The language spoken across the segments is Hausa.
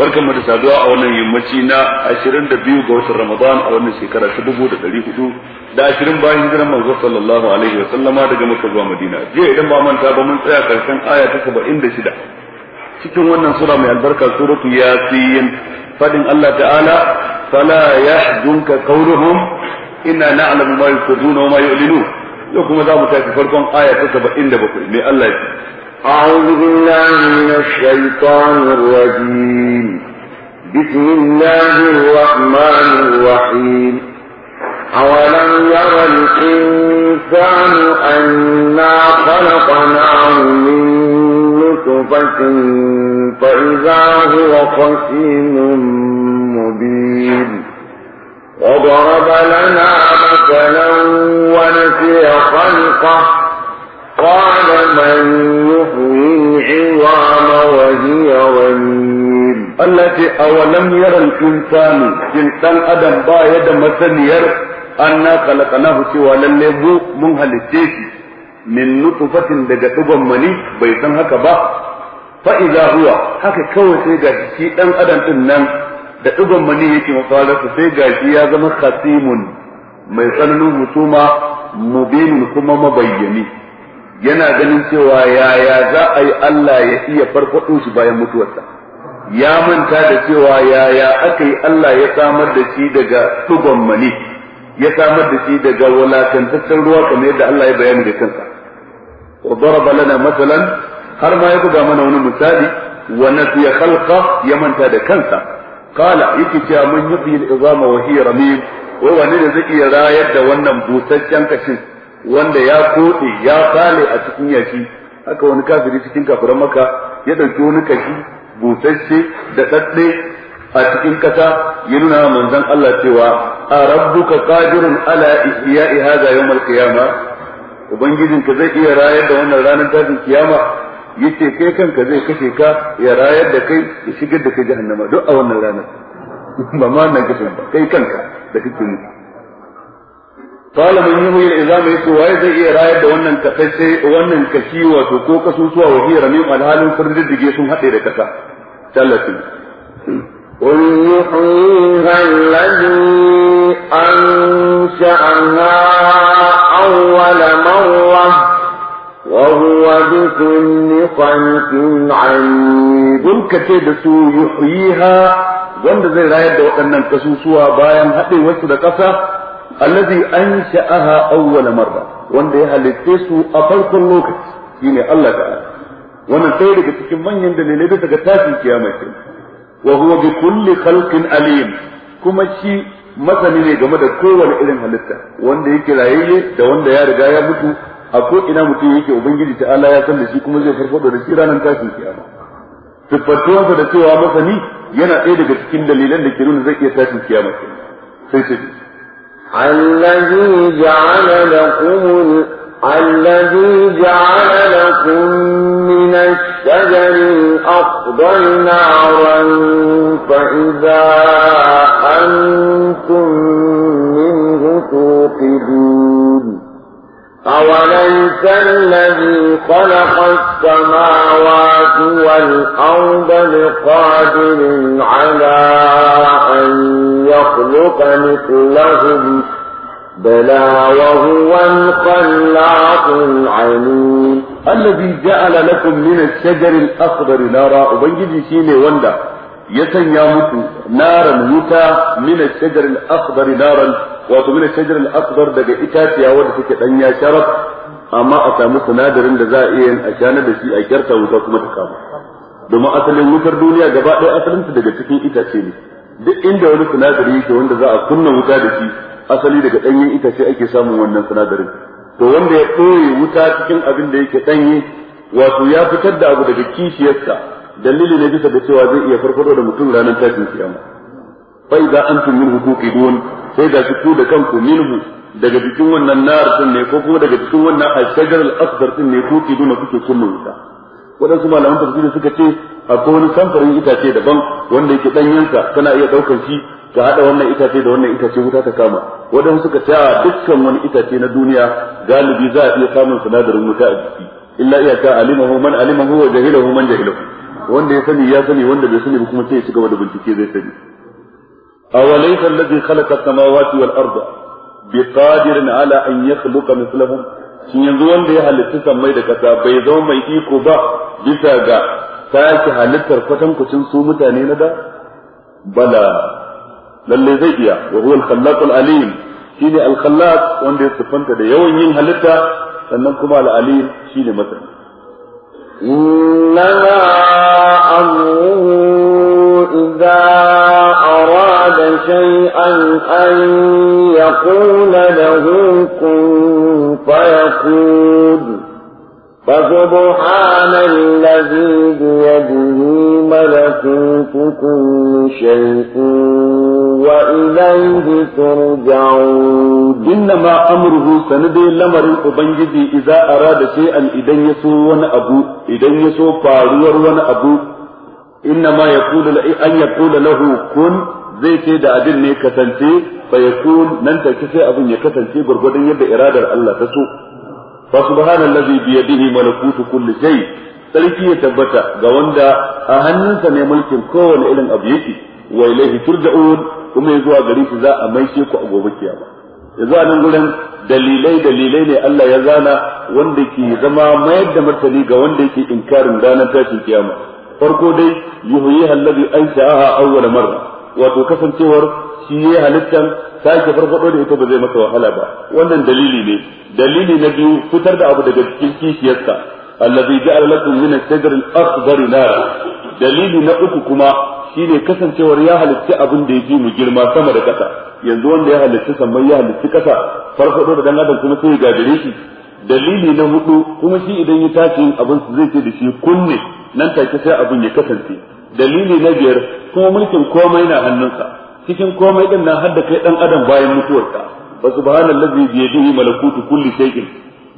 barkan mu da saduwa a wannan yammaci na 22 ga watan Ramadan a wannan shekara ta 1400 da 20 bayan hijiran manzo sallallahu alaihi wa sallama daga Makka zuwa Madina jiya idan ba manta ba mun tsaya karshen aya ta 76 cikin wannan sura mai albarka suratu yasin fadin Allah ta'ala fala yahzunka qawluhum inna na'lamu ma yusirruna wa ma yu'linun yau kuma za mu tafi farkon aya ta 77 mai Allah ya أعوذ بالله من الشيطان الرجيم بسم الله الرحمن الرحيم أولم يرى الإنسان أنا خلقناه من نطفة فإذا هو خصيم مبين وضرب لنا مثلا ونسي خلقه قال من يحيي العظام وهي رميم التي أولم يرى الإنسان جنسان أدم با يد مسنير أنا خلقناه سوى للمو من هالتيشي من نطفة دقة مني بيسان هكذا fa'iza huwa haka kawai sai ga shi ɗan adam ɗin nan da ɗigon mani yake mafalarsa sai ga shi ya zama khasimun mai tsananin husuma mubinin kuma mabayyani yana ganin cewa yaya za a yi Allah ya iya farfaɗo shi bayan mutuwarsa ya manta da cewa yaya aka yi Allah ya samar da shi daga tubon mani ya samar da shi daga walakantaccen ruwa kamar yadda Allah ya bayani da kansa wa daraba lana masalan har ma ya buga mana wani misali wa nasiya khalqa ya manta da kansa qala yake cewa mun yuhyi al-izama wa hiya ramim wai wani ne zai iya rayar da wannan busasshen kashin wanda ya kode ya sale a cikin yashi haka wani kafiri cikin kafiran maka ya dauki wani kashi busasshe da dadde a cikin kasa ya nuna manzon Allah cewa a rabbuka qadirun ala ihya'i hadha yawm al ubangijin ka zai iya rayar da wannan ranar tashin kiyama yace kai kanka zai kashe ka ya rayar da kai ya shigar da kai jahannama duk a wannan ranar ba ma nan kashe ba kai kanka da kake mutu qala man yuhyi al-izam yace waye zai iya rayar da wannan kaface wannan kashi wato ko kasusuwa wa hiya ramim alhalin sirriddige sun haɗe da kasa tallafi قل يحييها الذي أنشأها أول مرة وهو بكل خلق عليم كتب سو يحييها wanda zai rayar da waɗannan kasusuwa bayan haɗe wasu da ƙasa an sha'aha awwal marra wanda ya halitte su a farkon lokaci shine Allah ta'ala wannan sai daga cikin manyan dalilai da daga tashin kiyama ce wa huwa bi kulli khalqin alim kuma shi masani ne game da kowane irin halitta wanda ya yake rayayye da wanda ya riga ya mutu a ko ina mutum yake ubangiji ta Allah ya san da shi kuma zai farfado da shi ranar tashin kiyama tabbatuwansa da cewa masani yana ɗaya daga cikin dalilan da ke zai iya tashin kiyama sai sai الذي جعل لكم الذي جعل لكم من الشجر الأخضر نارا فإذا أنتم منه توقدون أوليس الذي خلق السماوات والأرض بقادر على أن يخلق مثلهم بلى وهو الخلاق العليم الذي جعل لكم من الشجر الأخضر نارا وبنجي شيني وندا يسن يا نارا يتا من الشجر الأخضر نارا wato min shajar al-akbar daga itaciya wanda take ya sharaf amma a samu sinadarin da za a iya yin ashana da shi a kyarta wuta kuma ta kama domin asalin wutar duniya gaba ɗaya asalin ta daga cikin itace ne duk inda wani sinadari yake wanda za a kunna wuta da shi asali daga danyen itace ake samun wannan sinadarin to wanda ya ɗoye wuta cikin abin da yake ɗanye wato ya fitar da abu daga kishiyarsa dalili ne bisa da cewa zai iya farfado da mutum ranar tashin kiyama fa idza antum minhu tuqidun sai ga ku da kanku minhu daga cikin wannan nar din ne ko kuma daga cikin wannan ashajar al-asdar din ne ku duna kuke kunna wuta wadansu malaman tafsiri suka ce akwai wani samfarin itace daban wanda yake danyensa kana iya daukar shi ka hada wannan itace da wannan itace wuta ta kama wadansu suka ce a dukkan wani itace na duniya galibi za a iya samun sinadarin wuta a jiki illa iyaka alimahu man alimahu wa jahilahu man jahilahu wanda ya sani ya sani wanda bai sani ba kuma sai ya ci gaba da bincike zai sani أوليس الذي خلق السماوات والأرض بقادر على أن يخلق مثلهم shin yanzu wanda ya halitta sammai da kasa bai zama mai iko ba bisa ga sake halittar kwatankwacin su mutane na da bala lalle zai iya wa huwa al-khallaq al-alim shine wanda ya da yawan yin halitta sannan kuma shine masani إنما أمره إذا أراد شيئا أن يقول له كن فيقول فسبحان الذي بيده ملكوت كل شيء وإليه ترجعون إنما أمره سندي لمر أبنجدي إذا أراد شيئا إذا يسو ون أبو إذا يسو فاروار ون أبو inna ma yaqulu an yaqulu lahu kun zai ce da abin ne kasance fa yakun nan take sai abin ya kasance gurgurdan yadda iradar Allah ta so fa subhanallazi bi yadihi malakutu kulli shay sarki ya tabbata ga wanda a hannunsa ne mulkin kowane irin abu yake wa ilaihi turja'un kuma zuwa gari shi za a maishe ku a gobe kiyama yanzu nan gurin dalilai dalilai ne Allah ya zana wanda ke zama mayar da martani ga wanda yake inkarin ranar tashin kiyama farko dai yuhyiha alladhi ansha'aha awwal marra wato kasancewar shi ya halittan sake farfado da ita ba zai masa wahala ba wannan dalili ne dalili na biyu fitar da abu daga cikin kishiyarsa alladhi ja'ala lakum min ash-shajari al-akhdar nara dalili na uku kuma shine kasancewar ya halitta abin da yake mu girma sama da kasa yanzu wanda ya halitta sama ya halitta kasa farfado da dan adam kuma sai ya gajire shi dalili na hudu kuma shi idan ya tashi abin zai ce da shi kunne nan take sai abun ya kasance dalili na biyar kuma mulkin komai na hannunsa cikin komai din nan har da kai dan adam bayan mutuwarka fa subhanallazi bi yadihi malakutu kulli shay'in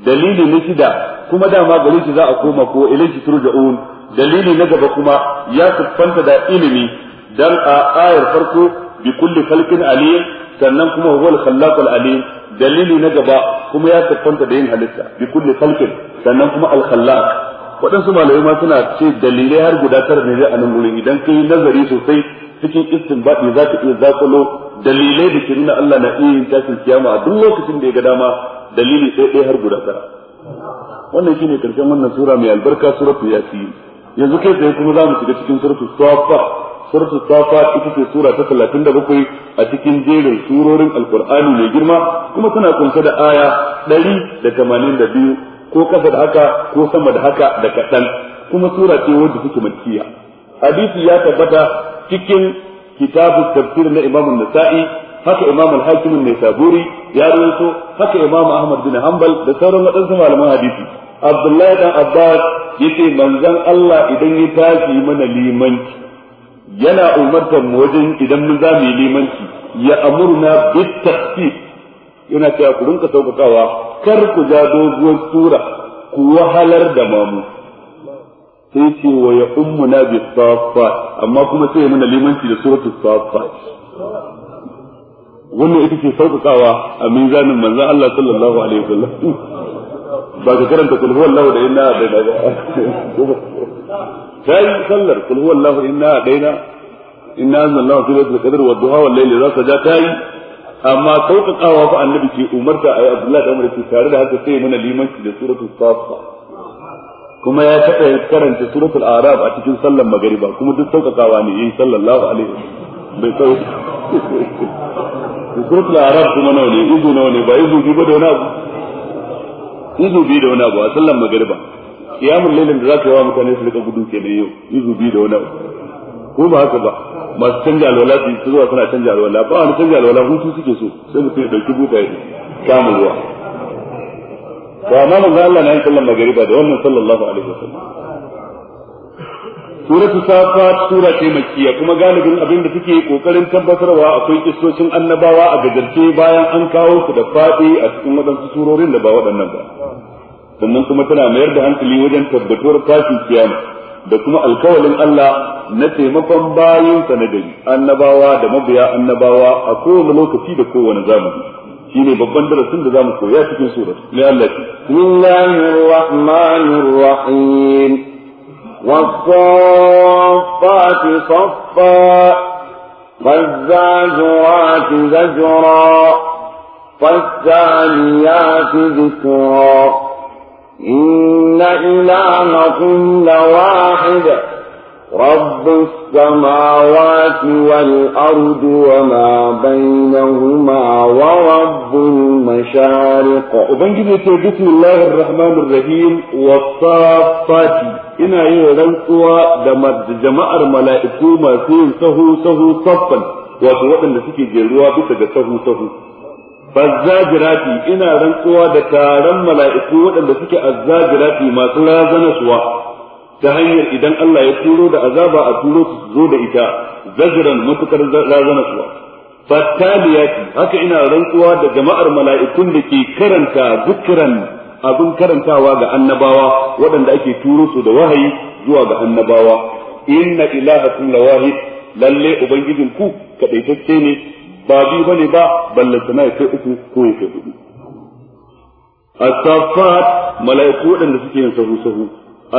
dalili na shida kuma dama gari shi za a koma ko ilayhi turja'un dalili na gaba kuma ya siffanta da ilimi dan a ayar farko bi kulli khalqin alim sannan kuma huwal khallaqul alim dalili na gaba kuma ya siffanta da yin halitta bi kulli khalqin sannan kuma al khallaq waɗansu malamai ma suna ce dalilai har guda tara ne a nan wurin idan ka yi nazari sosai cikin istinbaɗi za ka iya zaƙulo dalilai da ke nuna Allah na iya yin tashin kiyama a duk lokacin da ya ga dama dalili ɗaya ɗaya har guda tara wannan shi ne karshen wannan sura mai albarka suratu yasin yanzu kai tsaye kuma za mu shiga cikin suratu safa suratu safa ita ce sura ta talatin da bakwai a cikin jerin surorin alkur'ani mai girma kuma tana kunsa da aya ɗari da tamanin da biyu ko kasa da haka ko sama da haka da kaɗan kuma sura ce wanda suke makiya hadisi ya tabbata cikin kitabu tafsir na imam nasa'i haka imam al-hakim ne saburi ya rawaito haka imam ahmad bin hanbal da sauran waɗansu malaman hadisi abdullahi dan abbas yace manzon Allah idan ya tashi mana limanci yana umartar mu wajen idan mun mu yi limanci ya amurna bit tafsir yana cewa ku rinka sauƙaƙawa kar ku ja doguwar tura ku wahalar da mamu sai ce wa ya ummuna bi saffat amma kuma sai muna limanci da suratu saffat wannan ita ce saukakawa a mizanin manzon Allah sallallahu alaihi wasallam ba ka karanta kul huwallahu da inna a daina ba kai sallar kul huwallahu inna da inna inna anzalallahu fi lailatul qadr wa duha wal layli za ka ja yi. amma sautakawa fa annabi ke umarta a yi abdullahi da umar ke tare da haka sai mana limanci da suratul safa kuma ya taɓa karanta suratul arab a cikin sallan magariba kuma duk sautakawa ne yayi sallallahu alaihi wasallam bai sauƙi suratul arab kuma nawa ne izu nawa ne ba izu biyu ba da wani abu izu biyu da wani abu a sallan magariba kiyamun lailin da za ka yi wa mutane su rika gudu ke da yau izu biyu da wani abu ko ba haka ba masu canja alwala su yi zuwa suna canja alwala ba wani canja alwala hutu suke so sai mutum ya ɗauki buta ya samu ruwa to amma ga Allah na yi sallan magariba da wannan sallallahu alaihi wasallam suratu safa sura ce makkiya kuma galibin abin da suke kokarin tabbatarwa akwai kissocin annabawa a gajarce bayan an kawo su da fadi a cikin wadansu surorin da ba waɗannan ba sannan kuma tana mayar da hankali wajen tabbatuwar tashin kiyama da kuma alkawalin Allah na taimakon bayinsa na gari annabawa da mabiya annabawa a kowane lokaci da kowane zamani shine babban darasin da zamu koya cikin surar ne Allah ki Bismillahir Rahmanir Rahim والصفات صفا فالزاجرات زجرا فالزانيات ذكرا إن إلهكم لواحد رب السماوات والأرض وما بينهما ورب المشارق وبنجد بسم الله الرحمن الرحيم والصافات إنا يرنقوا دمد جماع الملائكة ما سين سهو سهو صفا وتوقن لسكي جلوى بسجة سهو سهو bazzajirati ina rantsuwa da taron mala'iku waɗanda suke azzajirati masu razanaswa ta hanyar idan Allah ya turo da azaba a turo su zo da ita zajiran matukar razanaswa fattaliyati haka ina rantsuwa da jama'ar mala'ikun da ke karanta zikiran abin karantawa ga annabawa waɗanda ake turo su da wahayi zuwa ga annabawa inna ilahakum lawahid lalle ubangijin ku kadaitacce ne ba biyu bane ba ballanta na kai uku ko ya kai hudu as-saffat mala'iku wadanda suke yin sahu sahu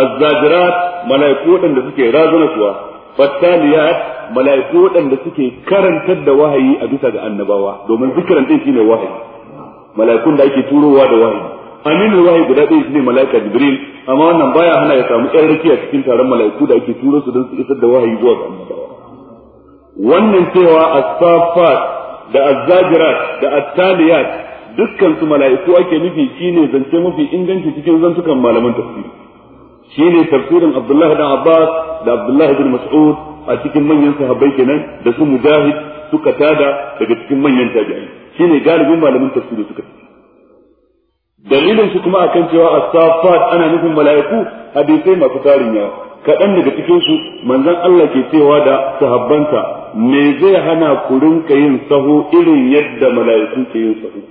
az-zajirat mala'iku wadanda suke razuna kuwa fattaliyat mala'iku wadanda suke karantar da wahayi a bisa ga annabawa domin zikiran din shine wahayi mala'ikun da ake turowa da wahayi aminu wahayi guda ɗaya shine mala'ika jibril amma wannan baya hana ya samu ƴan rakiya cikin taron mala'iku da ake turo su don su isar da wahayi zuwa ga annabawa wannan cewa as-saffat da azzajirat da attaliyat dukkan su mala'iku ake nufi shine zance mafi inganci cikin zantukan malaman tafsiri shine tafsirin Abdullah ibn Abbas da Abdullah bin Mas'ud a cikin manyan sahabbai kenan da su mujahid suka tada daga cikin manyan tabi'ai shine galibin malaman tafsiri suka dalilin su kuma akan cewa as-safat ana nufin mala'iku hadisi masu tarin yawa kaɗan daga cikin su manzon Allah ke cewa da sahabbansa me zai hana ku rinka yin sahu irin yadda mala'iku ke yin sahu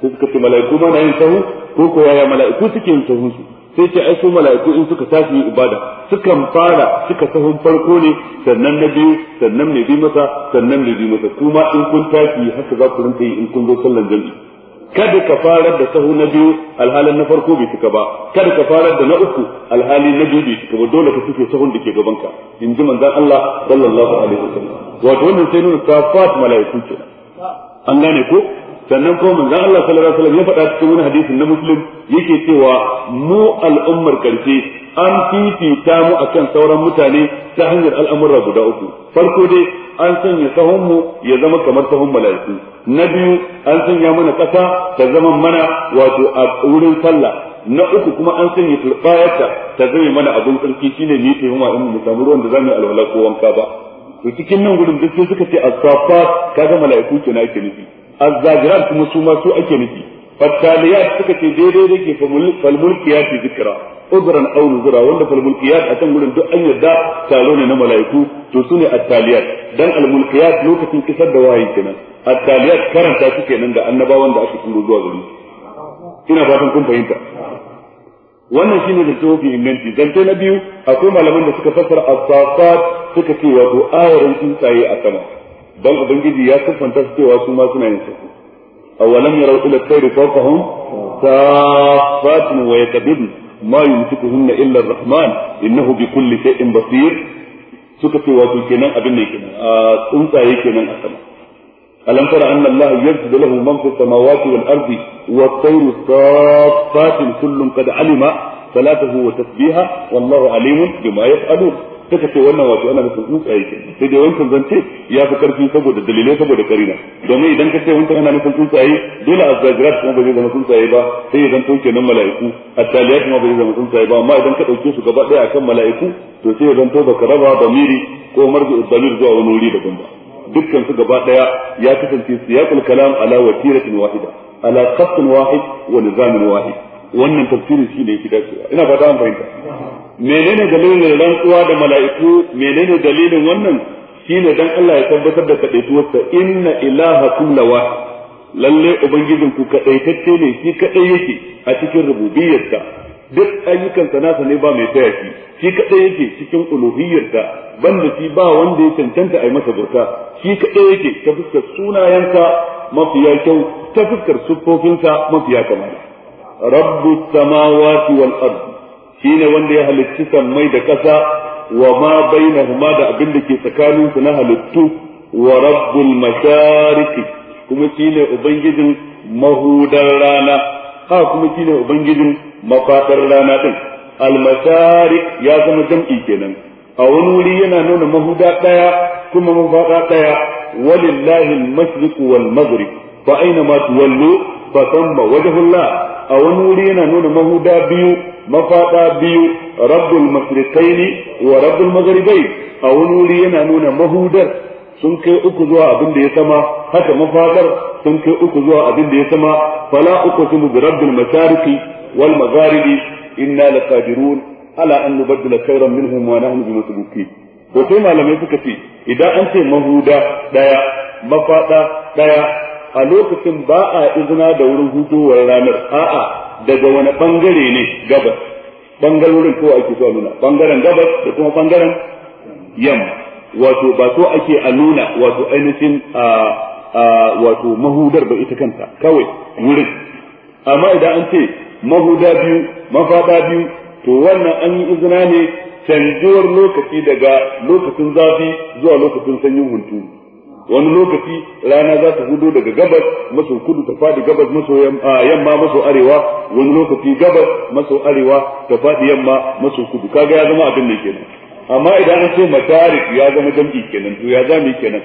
ko suka ce mala'iku ma na yin sahu ko ko yaya mala'iku suke yin sahu su sai ce ai su mala'iku in suka tashi ibada sukan fara suka sahu farko ne sannan na biyu sannan mai bi masa sannan mai bi masa kuma in kun tashi haka za ku rinka yi in kun zo sallan jami'a kada ka farar da sahu na biyu alhalin na farko bai cika ba kada ka farar da na uku alhali na biyu bai cika ba dole ka suke sahun da ke gaban ka in ji manzon Allah sallallahu alaihi wasallam wato wannan sai nuna safat malaiku ke an gane ko sannan kuma manzon Allah sallallahu alaihi wasallam ya faɗa cikin wani hadisin na muslim yake cewa mu al'ummar karshe an fifita mu kan sauran mutane ta hanyar al'amurra guda uku farko dai an sanya sahunmu ya zama kamar sahun mala'iku na biyu an sanya mana kasa ta zama mana wato a wurin sallah na uku kuma an sanya turbayarta ta zame mana abun tsarki shine ni ta yi in mu samu ruwan da zamu alwala ko wanka ba to cikin nan gudun duk suka ce as kaga mala'iku kenan ake nufi az-zajirat kuma su ma su ake nufi fattaliyat suka ce daidai da ke falmulkiyat zikra udran aw nuzura wanda falmulkiyat a can gurin duk an yarda taro ne na mala'iku to su ne attaliyat dan almulkiyat lokacin kisar da wahayi kenan attaliyat karanta su kenan da annabawan da aka turo zuwa gari ina fatan kun fahimta wannan shine da tofi inganci zance na biyu akwai malaman da suka fassara as-safat suka ce wato ayarin tsaye a sama dan ubangiji ya siffanta su cewa su ma suna yin safat أولم يروا إلى الطير فوقهم كافات ويكبدن ما يمسكهن إلا الرحمن إنه بكل شيء بصير suka ce wato kenan abin ne kenan a tsuntsaye kenan a sama alam tara anna allah yajid lahu man fi samawati wal ardi wa tayru saffatin kullun qad alima salatahu wa tasbiha wallahu alimun bima yaf'alun suka ce wannan wato ana nufin tsuntsaye ke sai dai wancan zance ya fi karfi saboda dalilai saboda karina domin idan ka ce wancan ana nufin tsuntsaye dole a azzajirat kuma ba zai zama tsuntsaye ba sai ya zanto kenan mala'iku a taliya kuma ba zai zama tsuntsaye ba amma idan ka dauke su gaba daya akan mala'iku to sai ya zanto baka raba bamiri ko marji dalil zuwa wani wuri daban ba dukkan su gaba daya ya kasance siyaqul kalam ala watiratin wahida ala qasdin wahid wa nizamin wahid wannan tafsirin shi ne yake dacewa ina fata an fahimta menene dalilin rantsuwa da mala'iku menene dalilin wannan shine dan Allah ya tabbatar da kadaituwarsa inna ilahakum lawahid lalle ubangijin ku kadaitacce ne shi kadai yake a cikin rububiyyarsa duk ayyukansa nasa ne ba mai taya shi shi kadai yake cikin uluhiyyarsa banda shi ba wanda ya cancanta a yi masa gurka shi kadai yake ta fuskar sunayensa mafiya kyau ta fuskar siffofinsa mafiya kamar rabbu samawati wal ardi shine wanda ya halitti sammai da ƙasa wa ma bainahuma da abin da ke tsakanin su na halittu wa rabbul mashariqi kuma shine ubangijin mahudan rana ha kuma shine ubangijin mafadar rana din al mashariq ya zama jam'i kenan a wani wuri yana nuna mahuda daya kuma mafada daya walillahi al mashriq wal maghrib fa aina ma tuwallu fa tamma wajhullah a wani wuri yana nuna mahuda biyu mafada biyu rabbul mashriqaini wa rabbul maghribai a wani wuri yana nuna mahudar sun kai uku zuwa abin da ya sama haka mafadar sun kai uku zuwa abin da ya sama fala uqsimu bi rabbil masariki, wal magharibi inna laqadirun ala an nubaddila khayran minhum wa nahnu bimuslimin to sai malamai suka ce idan an ce mahuda daya mafada daya a lokacin ba a izina da wurin hutowar ranar a'a daga wani bangare ne gabas bangarorin ko ake so a nuna bangaren gabas da kuma bangaren yamma wato ba so ake a nuna wato ainihin wato mahudar ba ita kanta kawai wurin amma idan an ce mahuda biyu mafada biyu to wannan an yi izina ne canjuwar lokaci daga lokacin zafi zuwa lokacin sanyin hunturu wani lokaci rana za ta gudu daga gabas maso kudu ta fadi gabas maso yamma maso arewa wani lokaci gabas maso arewa ta fadi yamma maso kudu kaga ya zama abin ne kenan amma idan an ce matarik ya zama jam'i kenan to ya zama kenan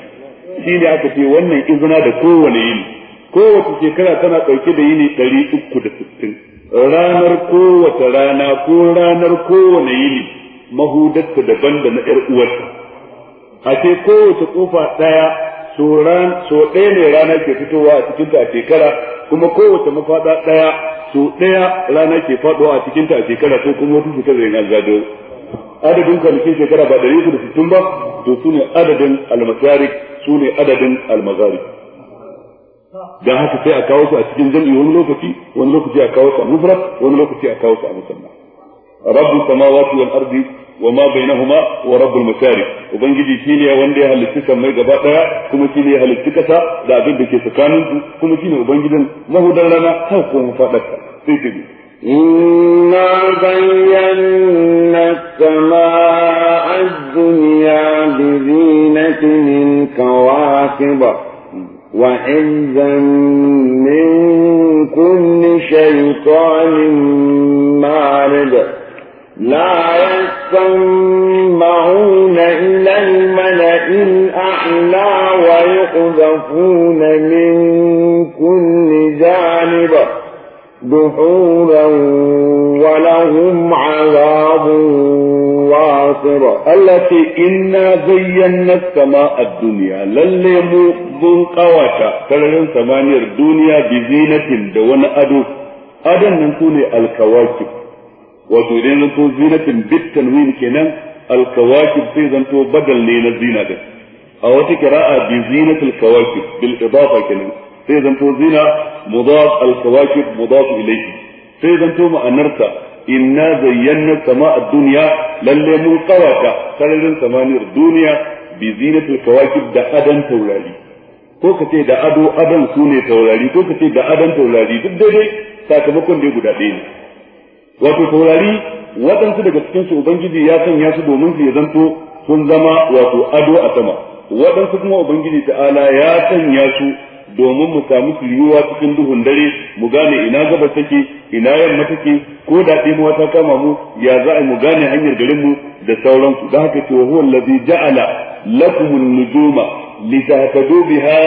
ne aka ce wannan izina da kowane yini kowace shekara tana ɗauke da yini ɗari uku da sittin ranar kowace rana ko ranar kowane yini mahudarta daban da na 'yar uwarta a ce kowace kofa ɗaya so so ɗaya ne rana ke fitowa a cikin ta a shekara kuma kowace mafaɗa ɗaya so ɗaya rana ke faɗowa a cikin ta a shekara ko kuma wata shekara ne gado adadin kwanakin shekara ba ɗari uku da sittin ba to su ne adadin almasari su ne adadin almazarik don haka sai a kawo su a cikin jam'i wani lokaci wani lokaci a kawo su a mufrat wani lokaci a kawo su a musamman rabbu samawati wal ardi wa ma bainahuma wa rabbul masharib ubangiji shine wanda ya halitta mai gaba daya kuma shine ya halitta kasa da abin da ke tsakanin su kuma shine ubangijin mahudan rana har ko mafadarta sai ta bi inna bayyana samaa ad-dunya bi zinatin kawakib wa izan min kulli shaytanin marid la يسمعون إلى الملأ الأعلى ويقذفون من كل جانب دحورا ولهم عذاب واصر التي إنا زينا السماء الدنيا للمو ذو قواتا تلين ثمانية الدنيا بزينة دون أدو أدن نكون الكواكب wato idan ya so zinatin bit tanwin kenan alkawakib sai zanto badal ne na zina din a wata kira'a bi zinatul kawakib bil idafa kenan sai zanto zina mudaf alkawakib mudaf ilayhi sai zanto ma'anarta inna zayyana sama'a dunya lalle mun kawata sararin samaniyar duniya bi zinatul kawakib da adan taurari ko ka ce da ado adan sune taurari ko ka ce da adan taurari duk daidai sakamakon da guda ɗaya ne wato taurari waɗansu daga cikin su ubangiji ya sanya su domin su ya zanto sun zama wato ado a sama waɗansu kuma ubangiji ta'ala ya sanya su domin mu samu yiwuwa cikin duhun dare mu gane ina gabas take ina yamma take ko da mu wata kama mu ya za a mu gane hanyar garin mu da sauransu da haka ce huwa allazi ja'ala lakum an-nujuma litahtadu biha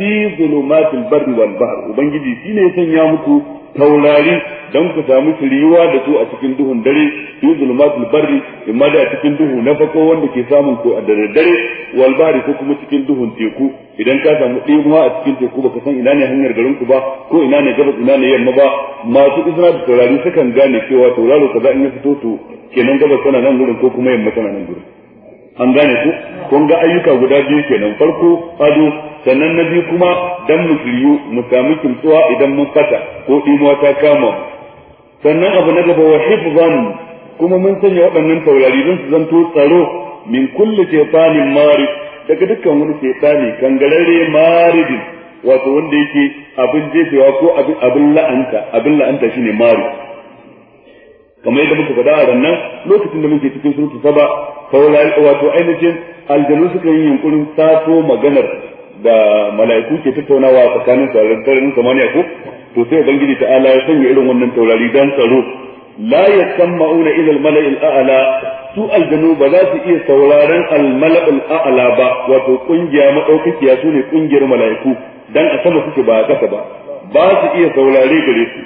fi dhulumatil barri wal bahr ubangiji shine ya sanya muku taurari don ku samu shiriwa da su a cikin duhun dare fi zulmatul barri imma da a cikin duhu na fako wanda ke samun ku a dare dare wal bahri ko kuma cikin duhun teku idan ka samu ɗimuwa a cikin teku baka san ina ne hanyar garin ku ba ko ina ne gabas ina ne yamma ba masu isra da taurari sukan gane cewa tauraro kaza in ya fito to kenan gabas tana nan gurin ko kuma yamma tana nan gurin an gane ku kun ga ayyuka guda biyu kenan farko ado sannan na biyu kuma dan mu shiryu mu sami kimtsuwa idan mun fata ko ɗimuwa ta kama sannan abu na gaba wa hifzan kuma mun sanya waɗannan taurari don su zanto tsaro min kulli shaytanin mari daga dukkan wani shaytani kangararre maridin wato wanda yake abin jefewa ko abin la'anta abin la'anta shine mari kamar yadda muka faɗa a rannan lokacin da muke cikin surutu saba taurari wato ainihin aljanu suka yi yunkurin sato maganar da mala'iku ke tattaunawa tsakanin sararin samaniya ko to sai ubangiji ta ya sanya irin wannan taurari dan tsaro la yasma'una ila al-mala'i ala su aljanu ba za su iya sauraron al malail ala ba wato kungiya madaukakiya su ne kungiyar mala'iku dan a sama suke ba a kasa ba ba su iya saurare gare su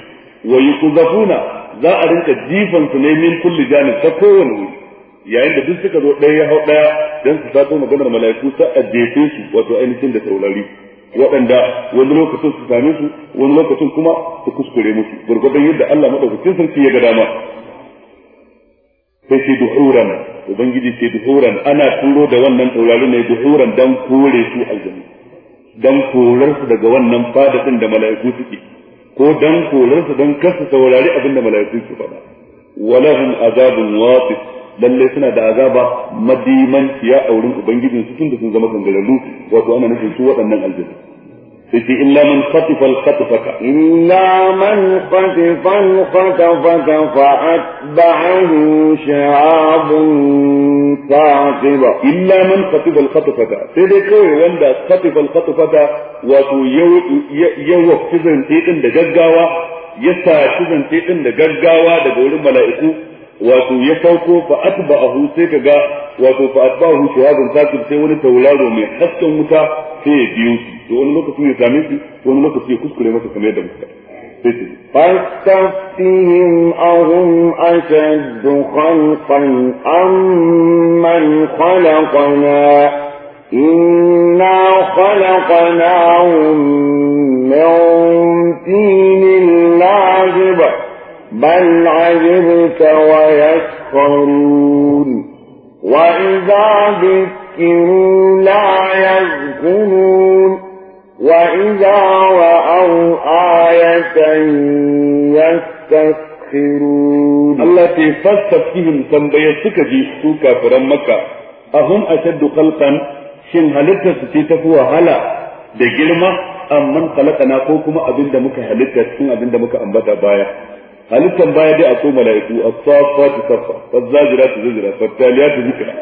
wa yuqzafuna za a rinka jifan su ne min kulli janib ta kowane wuri yayin da duk suka zo ɗaya ya hau ɗaya don su sato maganar mala'iku ta addefe su wato ainihin da taurari waɗanda wani lokacin su same su wani lokacin kuma su kuskure musu gurgurdan yadda Allah maɗaukacin sarki ya ga dama sai ce duhuran ubangiji ce duhuran ana turo da wannan saurari ne duhuran dan kore su zama dan korar su daga wannan fadadin da mala'iku suke ko dan korar su don kasa saurari abin da mala'iku suke faɗa walahum azabun waqif lalle suna da azaba madimanciya a wurin ubangijin su tunda sun zama kangararru wato ana nufin su waɗannan aljanna sai ce illa man khatifa al ka. illa man khatifa al-khatfata fa atba'ahu shi'abun saqiba illa man khatifa al ka sai dai kawai wanda khatifa al-khatfata wato yawa kizan din da gaggawa ya sa kizan din da gaggawa daga wurin mala'iku wato ya sauko fa atba'ahu sai kaga wato fa atba'ahu shihabun sakib sai wani taularo mai hasken wuta sai ya biyo shi to wani lokaci ne same shi wani lokaci ya kuskure masa kamar yadda muka فاستفتهم أهم أشد خلقا أم من خلقنا إنا خلقناهم من طين لاجب بل عجبت ويسخرون وإذا ذكروا لا يذكرون وإذا رأوا آية يستسخرون التي فاستفتهم تنبيتك دي سوكا فرمكا أهم أشد خلقا shin halittarsu ce ta wahala da girma amman khalaqana ko kuma abin da muka halitta cikin abin da muka ambata baya halittan baya dai akwai mala'iku as ta saffa ta zajiratu ta taliya ta zikra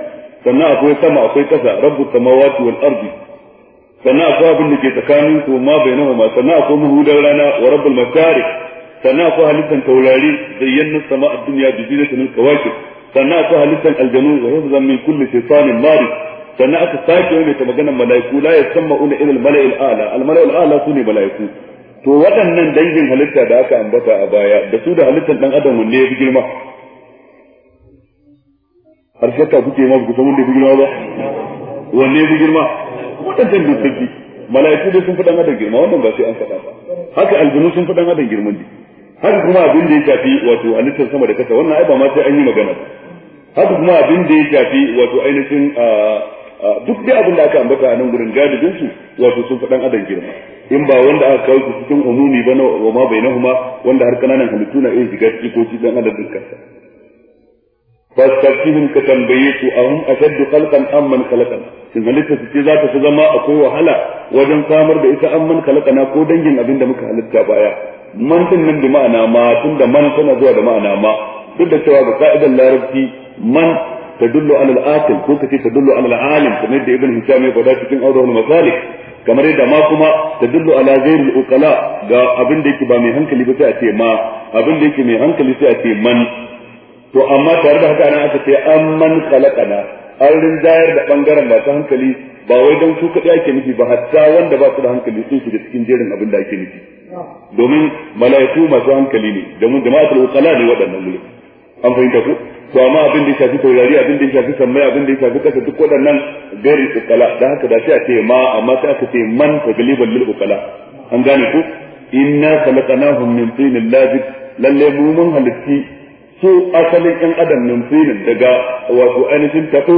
sannan akwai sama akwai kasa rabbus samawati wal ardi sannan akwai abin da ke tsakanin su ma bainahuma sannan akwai muhudan rana wa rabu masariq sannan akwai halittan taurari zayyana sama a ad-dunya bi ta nuka kawakib sannan akwai halittan aljanu wa hifzan min kulle kulli shaytanin marid sannan aka sake wani ta maganar mala'iku la yasammauna ila al-mala'il a'la al-mala'il a'la ne mala'iku to waɗannan dangin halitta da aka ambata a baya da su da halittar ɗan adam wanne ya fi girma har shakka kuke ma ku san wanda ya fi girma ba wanne ya fi girma waɗancan dukkanki mala'iku dai sun fi ɗan adam girma wannan ba sai an faɗa ba haka aljanu sun fi ɗan adam girman ne haka kuma abin da ya shafi wato halittar sama da kasa wannan ai ba ma sai an yi magana ba haka kuma abin da ya shafi wato ainihin ah, ah, duk dai abin da aka ambata a nan gurin gadijinsu wato sun fi ɗan adam girma in ba wanda aka kawo cikin umumi ba wa ma bainahuma wanda har kananan halittu na iya shiga ciki ko shi dan adam din kansa fastaqihim ka tambaye su ahum ashaddu kalkan an man kalkan. shin halitta su ce za ta fi zama akwai wahala wajen samar da ita man kalkana ko dangin abin da muka halitta baya man din nan da ma'ana ma da man tana zuwa da ma'ana ma duk da cewa ga ka'idar larabci man tadullu ala al-aqil ko kace tadullu ala al-alim kamar da ibn hisham ya faɗa cikin awdahul masalik kamar yadda ma kuma tadullu ala zairul uqala ga abin da yake ba mai hankali ba sai a ce ma abin da yake mai hankali sai a ce man to amma tare da haka nan aka ce amman khalaqana an rinjayar da bangaren masu hankali ba wai don su kaɗai ake nufi ba hatta wanda ba su da hankali sun shiga cikin jerin abin da ake nufi domin mala'iku masu hankali ne domin jama'atul uqala ne waɗannan mulki an fahimta ku to amma abin da ya shafi taurari abin da ya shafi sammai abin da ya shafi kasa duk waɗannan gari ukala da haka da sai a ce ma amma sai aka ce man tagliban lil ukala an gane ku inna khalaqnahum min tinin lazib lalle mu mun halitti su asalin ɗan adam min tinin daga wato ainihin tako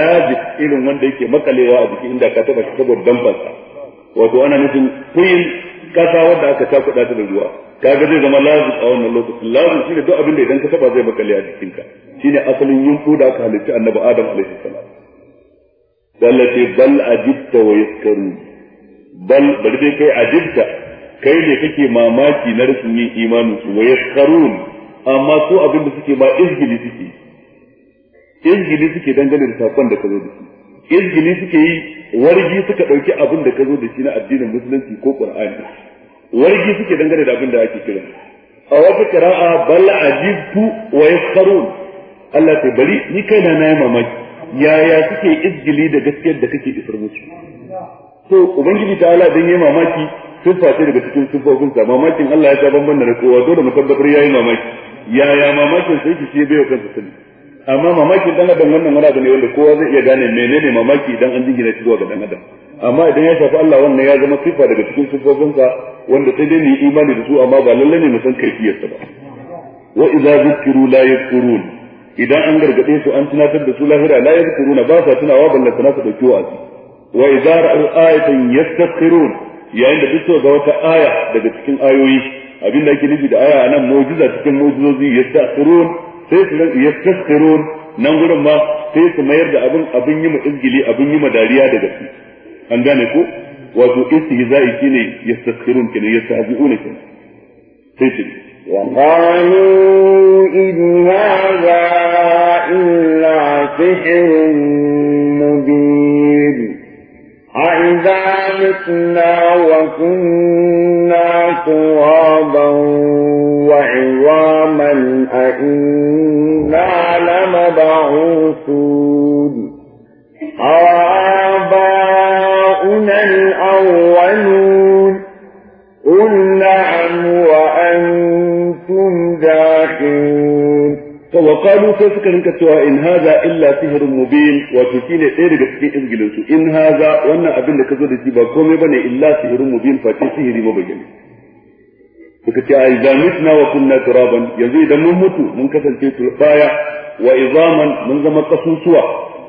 lazib irin wanda yake makalewa a jiki inda ka taba saboda damfansa wato ana nufin tin kasa wanda aka ta kuɗa ta da ruwa kaga zai zama lazim a wannan lokacin lazim shine duk abin da idan ka taba zai makale a ka shine asalin yunfu da aka halitta annabi adam alaihi salam dallati bal ajibta wa yaskaru bal bari dai kai ajibta kai ne kake mamaki na rashin yin imani su wa yaskarun amma su abin da suke ba izgili suke izgili suke dangane da sakon da ka zo da su izgili suke yi wargi suka ɗauki abin da ka zo da shi na addinin musulunci ko qur'ani wargi suke dangane da abin da ake kira a wata qira'a bal ajibtu wa yaskarun Allah ta bari ni kaina na yi mamaki yaya suke izgili da gaskiyar da kake isar musu to ubangiji ta Allah dan yi mamaki sun ce daga cikin siffofinsa mamakin Allah ya ta bambanta da kowa dole mu ya yi mamaki yaya mamakin sai ki ce bai wa kansa sani amma mamakin dan adam wannan wani abu ne wanda kowa zai iya gane menene mamaki idan an jingina shi zuwa ga dan adam amma idan ya shafi Allah wannan ya zama sifa daga cikin sifofinsa wanda sai dai ne imani da su amma ba lalle ne mu san kaifiyarsa ba wa idza zukiru la yadhkurun idan an gargade su an tunatar da su lahira la yadhkuruna ba sa tunawa balla tana su dauki wa'azi wa idza ra'u ayatan yastakhirun yayin da duk ga wata aya daga cikin ayoyi abinda ake nufi da aya nan mu'jiza cikin mu'jizozi yastakhirun sai su ran yastasirun nan gurin ma sai su mayar da abin abin yi ma izgili abin yi ma dariya da gaske an gane ko wato istihza'i shine yastasirun kenan ne kenan sai su وقالوا إن هذا إلا سحر مبين أئذا متنا وكنا ترابا وعظاما أئنا بعوثون آباؤنا الأولون قل نعم وأنتم داخلون وقالوا كيف كان in haza illa sihrun mubin wato shine ɗaya daga cikin izgilin su in haza wannan abin da kazo da shi ba komai illa suka ce ai da mitna wa kunna turaban yanzu idan mun mutu mun kasance turbaya wa izaman mun zama kasusuwa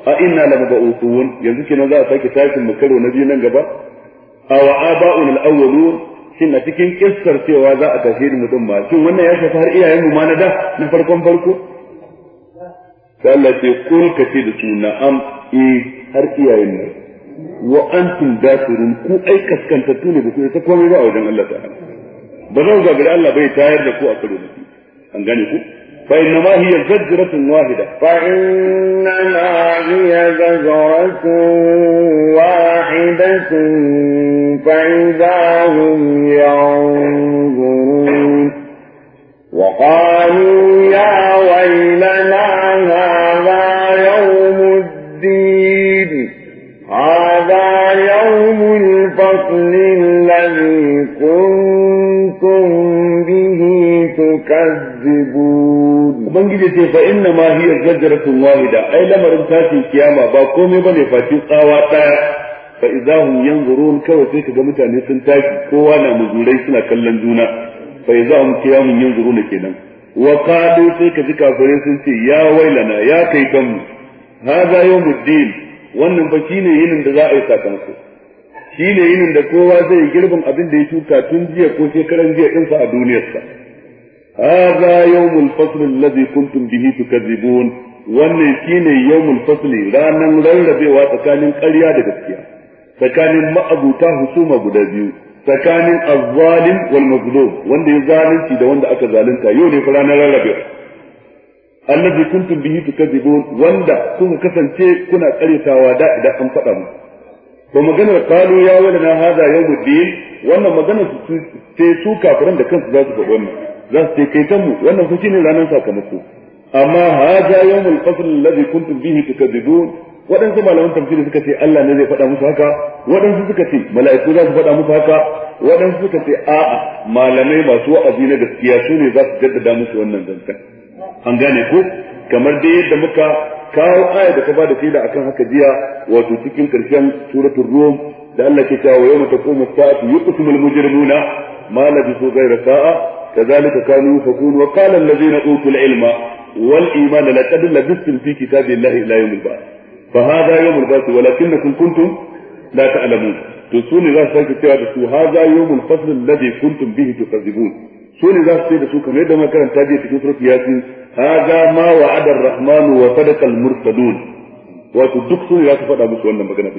a inna la mab'uthun yanzu kenan za a sake tashin mu karo na biyu nan gaba aw aba'un al-awwalun shin a cikin kissar cewa za a tashi mu din ma shin wannan ya shafi har iyayen mu ma na da na farkon farko sai Allah ce kul kace da suna am e eh, har iyayen nan wa antum dasirun ku ai kaskanta tuni ku ta komai ba a wajen Allah ta'ala ba zan gari Allah bai tayar da ku a karo na an gane ku فإنما هي زجرة واحدة فإنما هي زجرة واحدة فإذا هم ينظرون وقالوا يا ويلنا هذا يوم الدين هذا يوم الفصل الذي كنتم به تكذبون ubangiji ce fa inna ma hiya zajratun wahida ai lamarin tashin kiyama ba komai bane face tsawa daya fa idahum yanzurun kawai sai kaga mutane sun tashi kowa na muzurai suna kallon juna fa idahum qiyamun yanzuruna kenan wa qalu sai kaji kafirai sun ce ya wailana ya kai kanmu hadha yawmuddin wannan fa shine yinin da za a yi sakamako shine yinin da kowa zai girbin abin da ya shuka tun jiya ko shekaran jiya din sa a duniyarsa hadha yawmul fasl alladhi kuntum bihi tukadzibun wannan shine yawmul fasli ranan rarrabewa tsakanin ƙarya da gaskiya tsakanin ma'abuta husuma guda biyu tsakanin azzalim wal mazlum wanda ya zalunci da wanda aka zalunta yau ne fa ranar rarrabewa alladhi kuntum bihi tukadzibun wanda kuka kasance kuna karyatawa da idan an faɗa muku ba maganar kalu ya wani na haza yau muddin wannan maganar su ce su kafiran da kansu za su ga wannan za su ce kai kanmu wannan fa shine ranar sakamako amma hada yawmul qasr alladhi kuntum bihi tukadzibun waɗansu malaman tafsiri suka ce Allah ne zai faɗa musu haka waɗansu suka ce mala'iku za su faɗa musu haka waɗansu suka ce a'a malamai masu wa'azi na gaskiya su ne za su jaddada musu wannan zancen an gane ko kamar dai yadda muka kawo aya da ta bada shaida akan haka jiya wato cikin karshen suratul rum da Allah ke cewa yawma taqumu as-sa'atu yuqsimul mujrimuna ma labisu ghayra sa'a كذلك كانوا يفكون وقال الذين أوتوا العلم والإيمان لقد لبثتم في كتاب الله إلى يوم البعث فهذا يوم البعث ولكنكم كنتم لا تعلمون to su ne za su sake cewa da su ha za yau mun faslin lade bihi to kazibun su za su ce da su kamar yadda makaranta je cikin surat yasin ma wa adar wa duk su ne za su faɗa musu wannan magana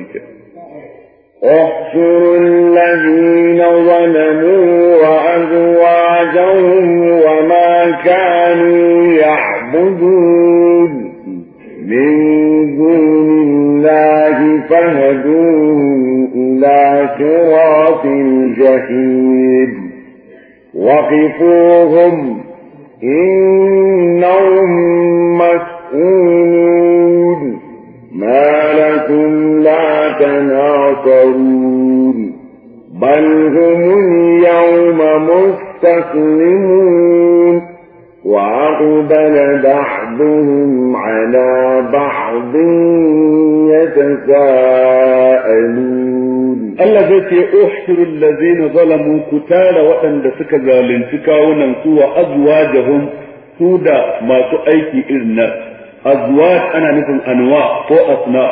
احشر الذين ظلموا وأزواجهم وما كانوا يعبدون من دون الله فهدوهم إلى صراط الجحيم وقفوهم إنهم مسؤولون إنكم لا تناصرون بل هم اليوم مستسلمون وأقبل بعضهم على بعض يتساءلون Allah zai ce uhshiru allazina zalamu ku tara waɗanda suka zalunci kawunan kuwa wa azwajahum su da masu aiki irin nan ana nufin anwa ko asna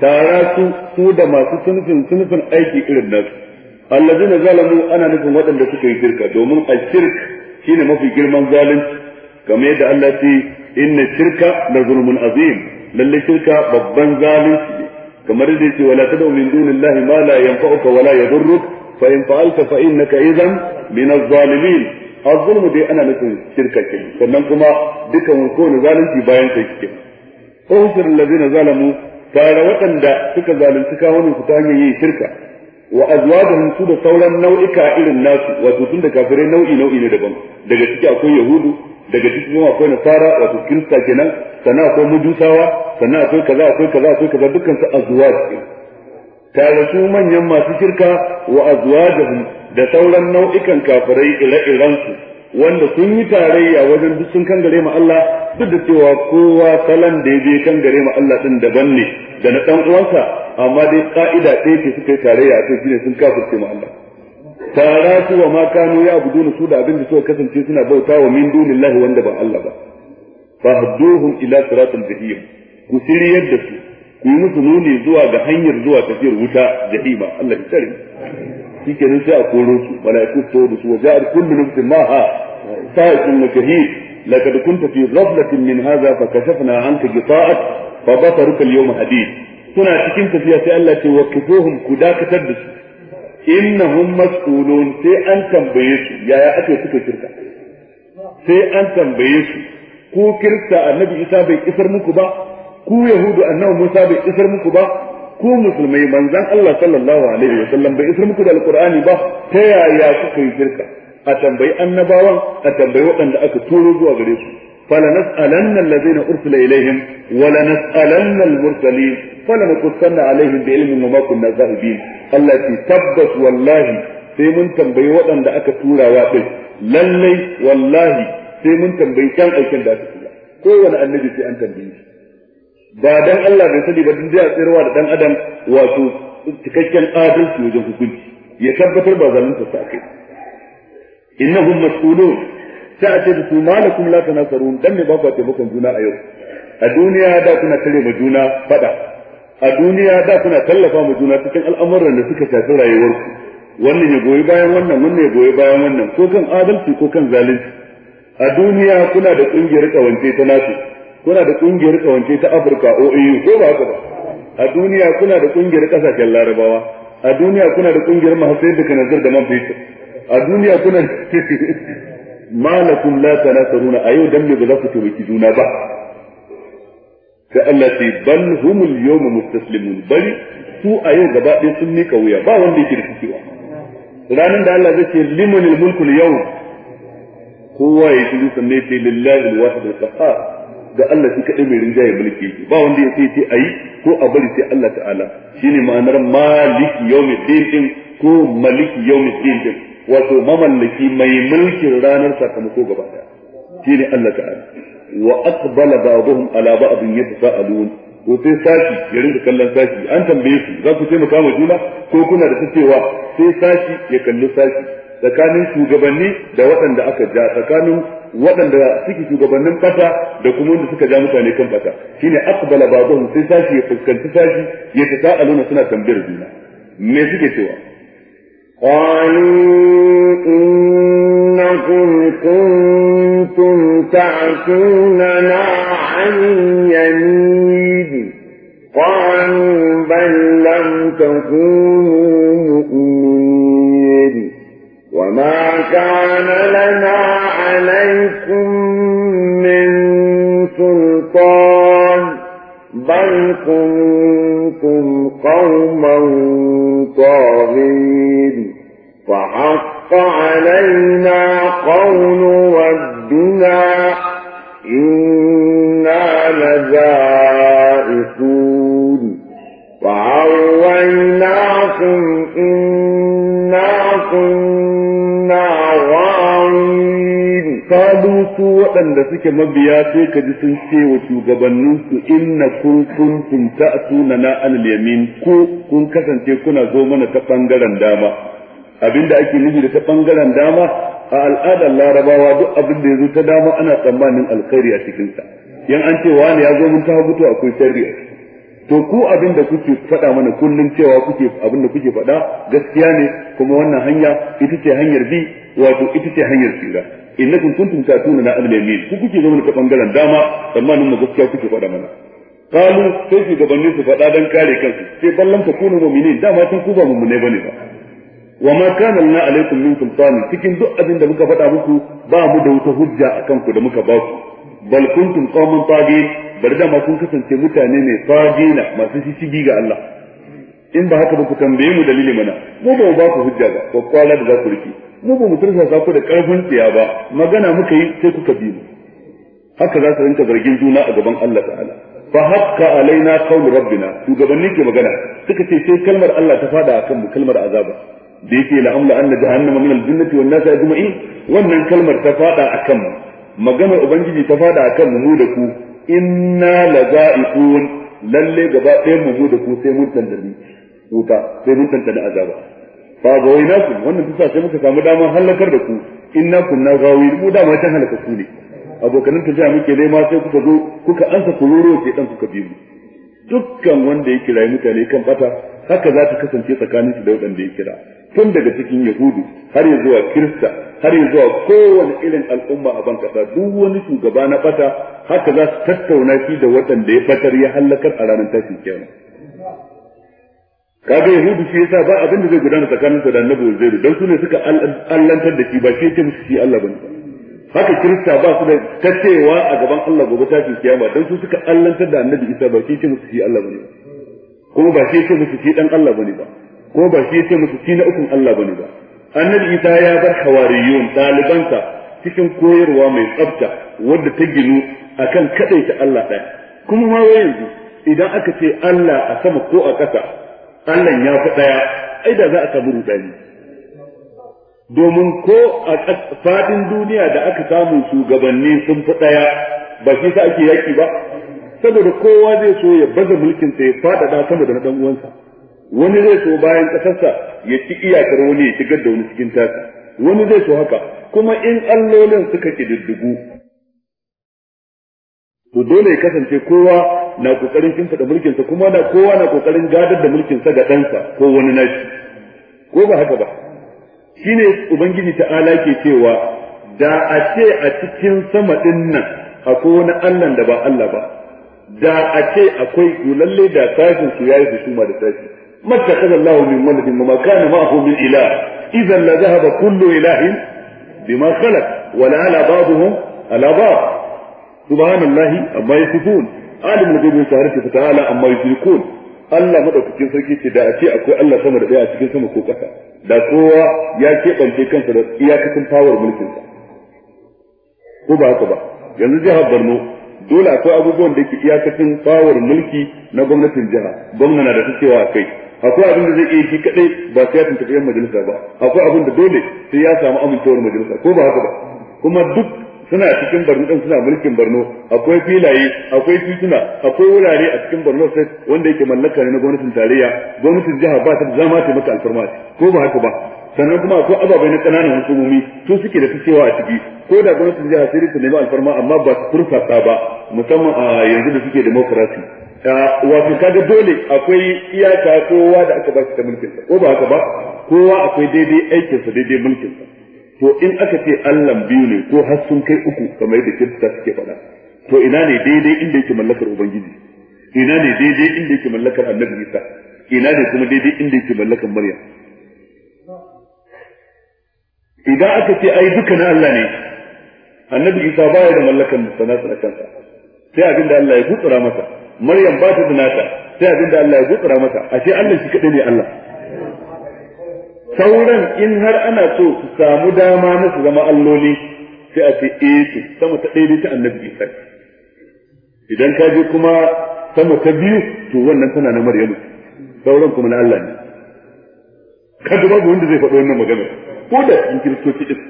tara su su da masu sunufin sunufin aiki irin nasu allazina zalamu ana nufin waɗanda suka yi shirka domin a ashirk shine mafi girman zalunci kamar yadda Allah ce inna shirka la zulmun azim lalle shirka babban zalunci ne kamar yadda ce wala tad'u min dunillahi ma la yanfa'uka wala yadurruk fa in fa'alta fa innaka idhan min az-zalimin az-zulm dai ana nufin shirka ke sannan kuma dukan kowane zalunci bayan sai kike ko hukun allazina zalamu bara waɗanda suka zalunci kawunan su ta hanyar yin shirka wa azwajuhum su da sauran nau'ika irin nasu wato tun da kafirai nau'i nau'i ne daban daga ciki akwai yahudu daga ciki kuma akwai nasara wato kirista kenan sannan akwai mujusawa sannan akwai kaza akwai kaza akwai kaza dukkan su azwaj tare su manyan masu shirka wa azwajuhum da sauran nau'ikan kafirai ire-iren su wanda sun yi tarayya wajen duk sun gare ma Allah duk da cewa kowa salon da ya je gare ma Allah din daban ne da na dan uwansa amma dai ka'ida ɗaya ce suka yi tarayya sai shine sun kafirce ma Allah tara su wa ma kanu ya abuduna su da abin da suka kasance suna bauta wa min dunillahi wanda ba Allah ba fahduhum ila siratal jahim ku shiryar da su ku yi musu nuni zuwa ga hanyar zuwa tafiyar wuta jahima Allah ya tsare shikenan sai a koro su malaiku to da su waja'al kullu nafsin maha sa'iqun shahid laqad kunta fi ghaflatin min hadha fakashafna anka ghita'ak fa basaruka al-yawma hadid suna cikin tafiya sai Allah ce waqifuhum ku dakatar da su innahum mas'ulun sai an tambaye su yaya ake suka kirka sai an tambaye su ko kirka annabi Isa bai isar muku ba ku yahudu annabi Musa bai isar muku ba ku musulmai manzan Allah sallallahu alaihi wasallam bai isar muku da alqur'ani ba ta yaya kuka yi shirka a tambayi annabawan a tambayi waɗanda aka turo zuwa gare su فلنسألن الذين أرسل إليهم ولنسألن المرسلين فلنقصن عليهم بعلم a كنا Allah التي tabbas wallahi sai mun tambayi waɗanda aka turawa din lallai wallahi sai mun tambayi kan aikin da aka tura kowane annabi sai an tambaye shi ba dan Allah bai sani ba din da tsirwa da dan adam wato cikakken adalci wajen hukunci ya tabbatar ba zalunta sa kai innahum mas'ulun a ce da su malakum la tanasarun dan me ba ku taimakon juna a yau a duniya da kuna tare ma juna fada a duniya da kuna tallafa ma juna cikin al'amuran da suka shafi rayuwarku wannan ya goyi bayan wannan wannan ya goyi bayan wannan ko kan adalci ko kan zalunci a duniya kuna da kungiyar kawance ta nasu kuna da kungiyar kawance ta Afirka OAU ko ba haka ba a duniya kuna da kungiyar kasashen Larabawa a duniya kuna da kungiyar mahasayar da kanazar da man fetur a duniya kuna malakum la tanasaruna a yau dan me ba za ku taimaki juna ba ka Allah sai bal humul yawma mustaslimun bari su a yau gaba ɗaya sun mika wuya ba wanda yake da cewa ranar da Allah zai ce limanil mulkul yawm kowa ya shiru sanne sai lillahi alwahid alqahar da Allah shi kaɗai mai rinjaye mulki yake ba wanda ya sai ce ayi ko a bari sai Allah ta'ala shine ma'anar maliki yawmiddin din ko maliki yawmiddin din wato mamallaki mai mulkin ranar sakamako gaba daya shine Allah ta'ala wa aqbala ba'dhum ala ba'dhin yatasaalun ko sai sashi ya rinka kallon sashi an tambaye su za ku taimaka ma juna ko kuna da ta cewa sai sashi ya kalli sashi tsakanin shugabanni da waɗanda aka ja tsakanin waɗanda suke shugabannin fata da kuma wanda suka ja mutane kan fata shine aqbala ba'dhum sai sashi ya fuskanci sashi ya tasaaluna suna tambayar juna me suke cewa قالوا إنكم كنتم تعصوننا عن yamin qalu bal lam takunu وما كان لنا عليكم من سلطان بل كنتم قوما طاغين فحق علينا قول ربنا إنا لذائقون فعويناكم su waɗanda suke mabiya sai ka ji sun ce wa shugabannin su inna kun ta ta'tuna na anil ko ku kun kasance kuna zo mana ta bangaren dama abinda ake nufi da ta bangaren dama a al'adar larabawa duk abin da yazo ta dama ana tsammanin alkhairi a cikin sa yan an ce wani ya zo mun ta hagu akwai sharri to ku abin da kuke faɗa mana kullum cewa kuke abin da kuke faɗa gaskiya ne kuma wannan hanya ita ce hanyar bi wato ita ce hanyar tsira innakum kuntum tatuna na al yamin ku kuke zama ta bangaren dama tsammanin mu gaskiya kuke faɗa mana qalu sai su gabanin su faɗa dan kare kansu sai ballan ta kuna mu'minin dama tun ku ba ne bane ba wa ma kana lana alaikum min sultani cikin duk abin da muka faɗa muku ba mu da wata hujja akan ku da muka ba ku bal kuntum qauman tagin bar da ma kun kasance mutane ne tagina masu shishigi ga Allah in ba haka ba ku tambaye mu dalili mana mu ba ku hujja ba ko kwala da za ku rike mu ba mu tursa ku da karfin tsiya ba magana muka yi sai kuka bi mu haka za su rinka zargin juna a gaban Allah ta'ala fa hakka alaina qaul rabbina shugabanni ke magana suka ce sai kalmar Allah ta fada akan mu kalmar azaba da yake la amla anna jahannama min al-jannati wan nas ajma'in wannan kalmar ta fada akan mu maganar ubangiji ta fada akan mu da ku inna laza'iqun lalle gaba ɗaya mu da ku sai mun tantance wuta sai mun tantance azaba ba ga wainakum wannan tusa sai muka samu damar halakar da ku in na kunna gawi mu dama can halaka ku ne abokanan a muke nema sai kuka zo kuka ansa ku kuroro ke dan kuka bi mu dukkan wanda ya kira mutane kan bata haka za ta kasance tsakanin su da wanda ya kira tun daga cikin yahudu har ya zuwa kirista har ya zuwa kowane irin al'umma a ban kasa duk wani shugaba na bata haka za su tattauna shi da waɗanda ya fatar ya hallakar a ranar tashin kenan kaga yahudu shi yasa ba abin da zai gudana tsakanin sa da annabi uzairu su ne suka allantar da shi ba shi yake musu shi Allah bane haka kirista ba su da tacewa a gaban Allah gobe tashin kiyama dan su suka allantar da annabi isa ba shi yake musu shi Allah bane kuma ba shi yake musu shi dan Allah bane ba kuma ba shi yake musu shi na ukun Allah bane ba annabi isa ya bar hawariyun dalibanta cikin koyarwa mai tsabta wadda ta ginu akan kadaita Allah ɗaya kuma ma yanzu idan aka ce Allah a sama ko a ƙasa Allah ya fi ɗaya ai da za a samu rudani domin ko a faɗin duniya da aka samu shugabanni sun fi ɗaya ba shi sa ake yaki ba saboda kowa zai so ya baza mulkin sa ya faɗaɗa sama da na ɗan'uwansa, wani zai so bayan ƙasarsa ya ci iyakar wani ya shigar da wani cikin tasa wani zai so haka kuma in allolin suka ƙididdigu to dole ya kasance kowa na kokarin kinsa da mulkin sa kuma na kowa na kokarin gadar da mulkin sa ga ɗansa ko wani nashi ko ba haka ba shine ubangiji ta'ala ke cewa da a ce a cikin sama din nan akwai wani Allah da ba Allah ba da a ce akwai lalle da kafin su yayi husuma da tashi matta kadallahu min waladin ma kana ma'ahu min ilah idan la zahaba kullu ilahin bima khalaq wala ala ba'dhum ala ba'd subhanallahi amma yasifun alimul sa wa shahadati ala amma ko Allah madaukakin sarki ce da a ce akwai Allah sama da daya a cikin sama ko ƙasa da kowa ya keɓance kansa da iyakacin tawar mulkin sa ko ba haka ba yanzu jihar Borno dole akwai abubuwan da ke iyakacin tawar mulki na gwamnatin jiha gwamna na da ta cewa kai akwai abin da zai iya shi kadai ba sai ya tuntuɓe yan majalisa ba akwai abin da dole sai ya samu amincewar majalisa ko ba haka ba kuma duk suna cikin barno din suna mulkin barno akwai filaye akwai tituna akwai wurare a cikin barno sai wanda yake mallaka ne na gwamnatin tarayya gwamnatin jiha ba ta zama ta maka alfarma ko ba haka ba sannan kuma akwai ababai na kananan hukumomi su suke da cewa a ciki ko da gwamnatin jiha sai ta nemi alfarma amma ba su ta ba musamman a yanzu da suke demokrasi wato kaga dole akwai iyaka kowa da aka ba shi ta mulkin ko ba haka ba kowa akwai daidai aikinsa daidai mulkinsa to in aka ce allan biyu ne ko har sun kai uku kamar yadda kirista suke faɗa to ina ne daidai inda yake mallakar ubangiji ina ne daidai inda yake mallakar annabi Isa ina ne kuma daidai inda yake mallakar Maryam idan aka ce ai duka na Allah ne annabi Isa baya da mallakar sanasa a kansa sai abinda Allah ya gutsura masa Maryam ba ta da nata sai abinda Allah ya gutsura masa, ashe Allah shi kaɗai ne Allah sauran in har ana so su samu dama na su zama alloli sai a ce eh to sama ta ɗaya ta annabi isa idan ka je kuma sama ta biyu to wannan tana na maryamu sauran kuma na Allah ne kada babu wanda zai faɗo wannan magana ko da in kiristoci din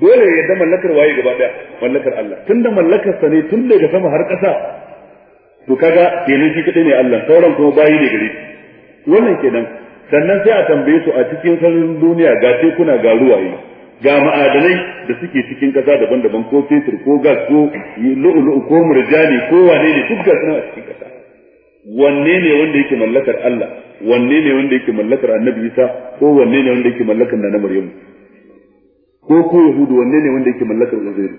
dole ya yadda mallakar waye gaba daya mallakar Allah tunda mallakar sa ne tun daga sama har ƙasa to kaga kenan shi kadai ne Allah sauran kuma bayi ne gare wannan kenan sannan sai a tambaye su a cikin sararin duniya ga tekuna ga ruwaye ga ma'adanai da suke cikin kasa daban-daban ko fetur ko gas ko lu'ulu'u ko murjani ko wane ne duk ga suna a cikin kasa wanne ne wanda yake mallakar Allah wanne ne wanda yake mallakar Annabi Isa ko wanne ne wanda yake mallakar Nana Maryam ko ko Yahudu wanne ne wanda yake mallakar Uzairu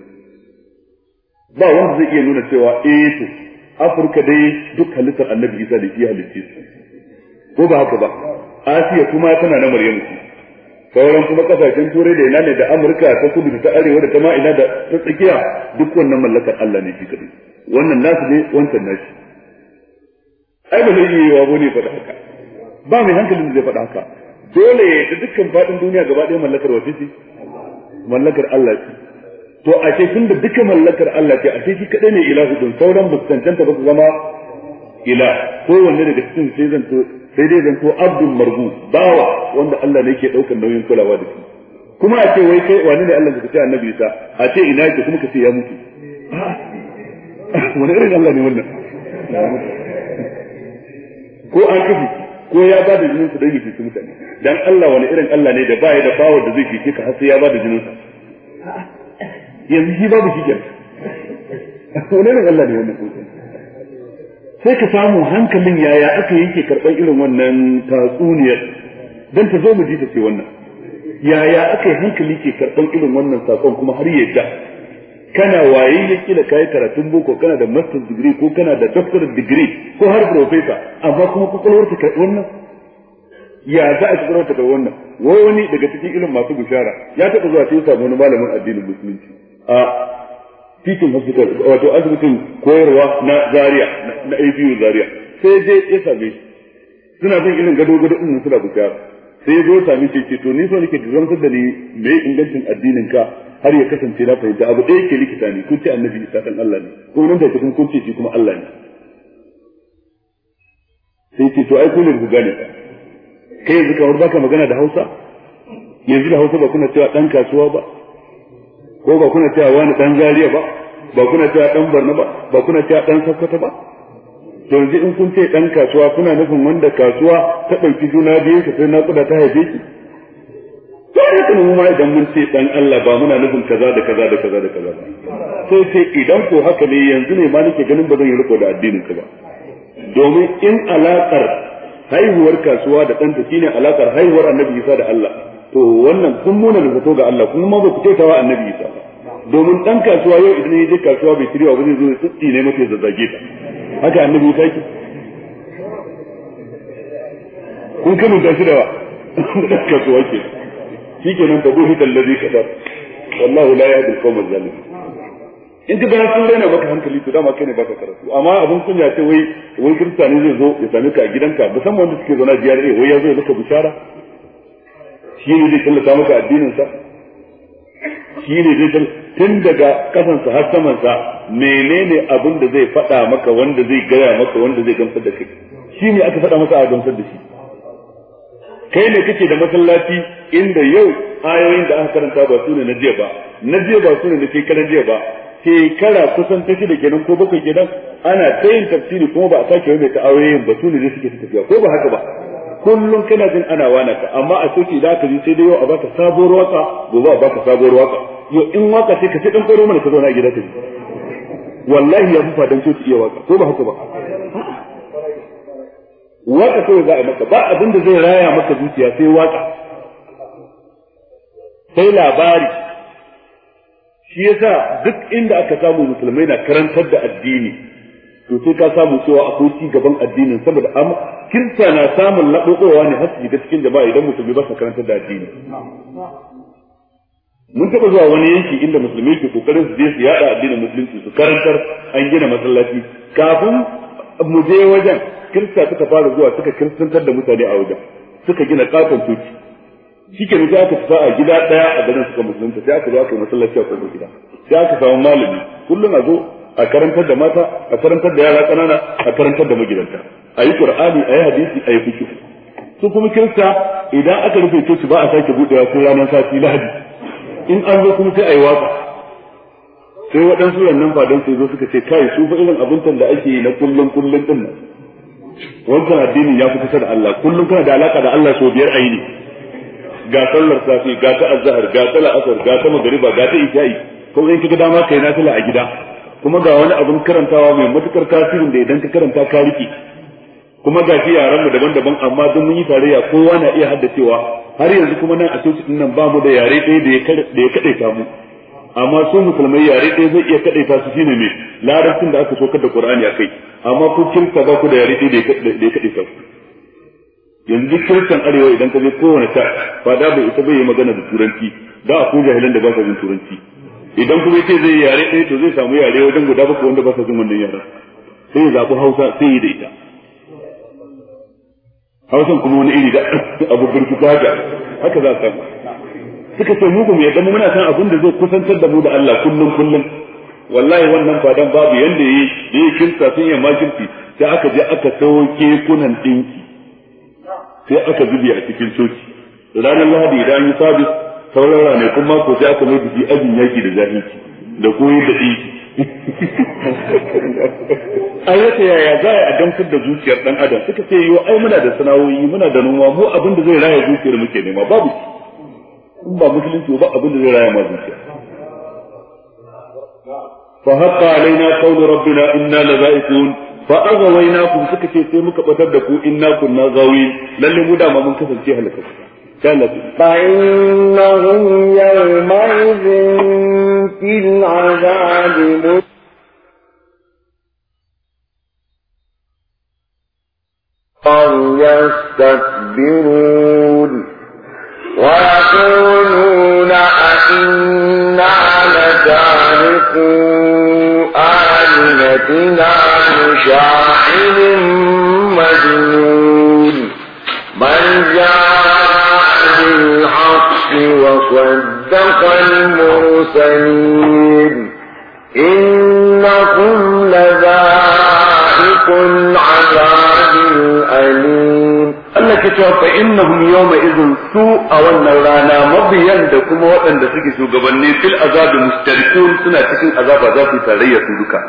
ba wanda zai iya nuna cewa eh to Afirka dai duk halittar Annabi Isa da iya halitta ko ba haka ba asiya kuma tana na Maryam ce. sauran kuma kasashen turai da ina da amurka ta kudu da ta arewa da ta ma'ina da ta tsakiya duk wannan mallakar allah ne shi kadai wannan nasu ne wancan nashi ai ba zai iya yi wa ne faɗa haka ba mai hankalin da zai faɗa haka dole ya da dukkan faɗin duniya gaba ɗaya mallakar wace ce mallakar allah ce to a ce tun da duka mallakar allah ce a ce shi kadai ne ilahu don sauran ba su cancanta ba su zama ila kowanne daga cikin sai zan to sai dai to abdul margu bawa wanda Allah ne ke daukar nauyin kulawa da shi kuma a ce wai kai wani ne Allah ka ce annabi Isa a ce ina yake kuma ka ce ya mutu wani irin Allah ne wannan ko an kafi ko ya ba da su don ya su mutane dan Allah wani irin Allah ne da baya da bawa da zai fice ka har sai ya ba da sa yanzu shi babu shi kenan wani irin Allah ne wannan sai ka samu hankalin yaya aka yanke karɓar irin wannan tatsuniyar don ta zo mu ji ta ce wannan yaya aka yi hankali ke karɓar irin wannan saƙon kuma har yadda kana waye ya kila kayi karatun boko kana da master degree ko kana da doctor degree ko har professor amma kuma kwakwalwar ta karɓi wannan ya za a kwakwalwar ta karɓi wannan wai wani daga cikin irin masu bishara ya taɓa zuwa sai ya samu wani malamin addinin musulunci a titin hospital wato asibitin koyarwa na zaria na abu zaria sai je ya same shi suna bin irin gado gado din suna bukata sai zo sami shi ce to ni so nake zantar da ni me ingancin addinin ka har ya kasance na fahimta abu ɗaya ke likita ne kun ce annabi isa dan Allah ne ko nan da kun kun ce shi kuma Allah ne sai ce to ai ku ne ku gane ka kai yanzu kawar baka magana da Hausa yanzu da Hausa ba kuna cewa dan kasuwa ba ko ba kuna cewa wani dan zariya ba ba kuna cewa dan barna ba ba kuna cewa dan sakkata ba to yanzu in kun ce dan kasuwa kuna nufin wanda kasuwa ta dauki juna biyu ta sai naƙuda ta haife ki to kuma mu idan mun ce dan Allah ba muna nufin kaza da kaza da kaza da kaza sai sai idan ko haka ne yanzu ne ma nake ganin ba zan yi riko da addinin ka ba domin in alaƙar haihuwar kasuwa da ɗanta shine alakar haihuwar annabi Isa da Allah to wannan sun muna da fito ga Allah kuma ba ku kyauta wa annabi Isa domin dan kasuwa yau idan ya je kasuwa bai tiriwa ba zai zo ya tsitsi ne mafi zazzage ta haka annabi Isa yake kun kanu da shi da wa dan kasuwa ke shikenan ta duhi dallazi kada wallahi la yahdi al-qawm al-zalimin in ka bana sun daina baka hankali to dama kai ne baka karatu amma abin kunya ce wai wani kirista ne zai zo ya sami ka a gidanka musamman wanda suke zauna biyar ne wai ya zo ya baka bishara shi ne zai tallata maka addininsa shi ne zai tallata tun daga kasansa har samansa menene abin da zai faɗa maka wanda zai gaya maka wanda zai gamsar da kai shi ne aka faɗa masa a gamsar da shi kai ne kake da masallaci inda yau ayoyin da aka karanta ba su ne na jiya ba na jiya ba su ne na shekarar jiya ba shekara kusan ta shida kenan ko bakwai kenan ana ta yin tafsiri kuma ba a sake wani ta ayoyin ba su ne zai suke tafiya ko ba haka ba kullum kana jin ana wana ka amma a soki da ka ji sai dai yau a baka sabuwar waka gobe a baka sabuwar waka yau in waka sai ka sai dan koro mana ka zauna a gida ka ji wallahi ya fufa don coci iya waka ko ba haka ba waka kawai za a maka ba abin da zai raya maka zuciya sai waka sai labari shi yasa duk inda aka samu musulmai na karantar da addini to sai ka samu cewa akwai ci gaban addinin saboda am kirista na samun laɓoɓowa ne har su da cikin jama'a idan musulmi ba su karantar da addini mun taɓa zuwa wani yanki inda musulmi ke kokarin su je su yaɗa addinin musulunci su karantar an gina masallaci kafin mu je wajen kirista suka fara zuwa suka kirsantar da mutane a wajen suka gina kafin coci shi ke nufi aka fita a gida ɗaya a garin suka musulunta sai aka zo aka yi masallaci a kwanu gida sai aka samu malami kullum a zo a karantar da mata a karantar da yara kanana a karantar da magidanta a yi qur'ani a yi hadisi a yi fiqh su kuma kirista idan aka rufe coci ba a sake budewa ko ranar sati lahadi in an zo kuma sai a yi waka sai waɗansu rannan fadan su zo suka ce kai su fa irin abincin da ake yi na kullun kullun din nan wancan addini ya fi kusa da Allah kullum kana da alaka da Allah so biyar a yi ne ga sallar safi ga ta azhar ga ta la'asar ga ta magriba ga ta isha'i ko in kaga dama kai na a gida kuma ga wani abin karantawa mai matukar tasirin da idan ka karanta ka rike kuma ga shi yaran mu daban-daban amma duk mun yi tarayya kowa na iya haddacewa har yanzu kuma nan a coci din nan ba mu da yare ɗaya da ya mu amma su musulmai yare ɗaya zai iya kadaita su shine me larabcin da aka sokar da qur'ani akai amma ku kirka ba ku da yare ɗaya da ya ku yanzu kirkan arewa idan ka je kowane ta fada bai ita bai yi magana da turanci da a ku jahilan da ba ka jin turanci idan kuma ce zai yare ɗaya to zai samu yare wajen guda bakwai wanda ba sa jin wannan yaren sai ya zaɓi hausa sai yi da ita hausan kuma wani iri da abu birki haka haka za ka suka ce mu mai ya zama muna san abin da zai kusantar da mu da Allah kullum kullum wallahi wannan fadan babu yanda yi da ya kinta sun yi makirci sai aka je aka sauke kunan dinki sai aka zubi a cikin soki ranar lahadi idan yi sabis sauran ranakun mako sai aka mai da shi ajin yaki da jahilci da koyi da ɗinki ayyata yaya za a yi gamsar da zuciyar dan adam suka ce yiwu ai muna da sana'o'i muna da noma mu abin da zai raya zuciyar muke nema babu in ba musulunci ba abin da zai raya ma zuciya fa hatta alaina qawlu rabbina inna la za'ikun fa aghwaynakum suka ce sai muka batar da ku inna kunna gawin lalle mu da mun kasance halakatu كانت فإنهم يومئذ في العذاب مشتركون يستكبرون ويقولون أئنا لتاركوا آلهتنا لشاعر مجنون من جاء وصدق المرسلين إنكم لذائق العذاب الأليم Allah ke cewa fa innahum yawma idhin su a wannan rana mabiyan da kuma waɗanda suke shugabanni fil azabi mustarikun suna cikin azaba za su tarayya su duka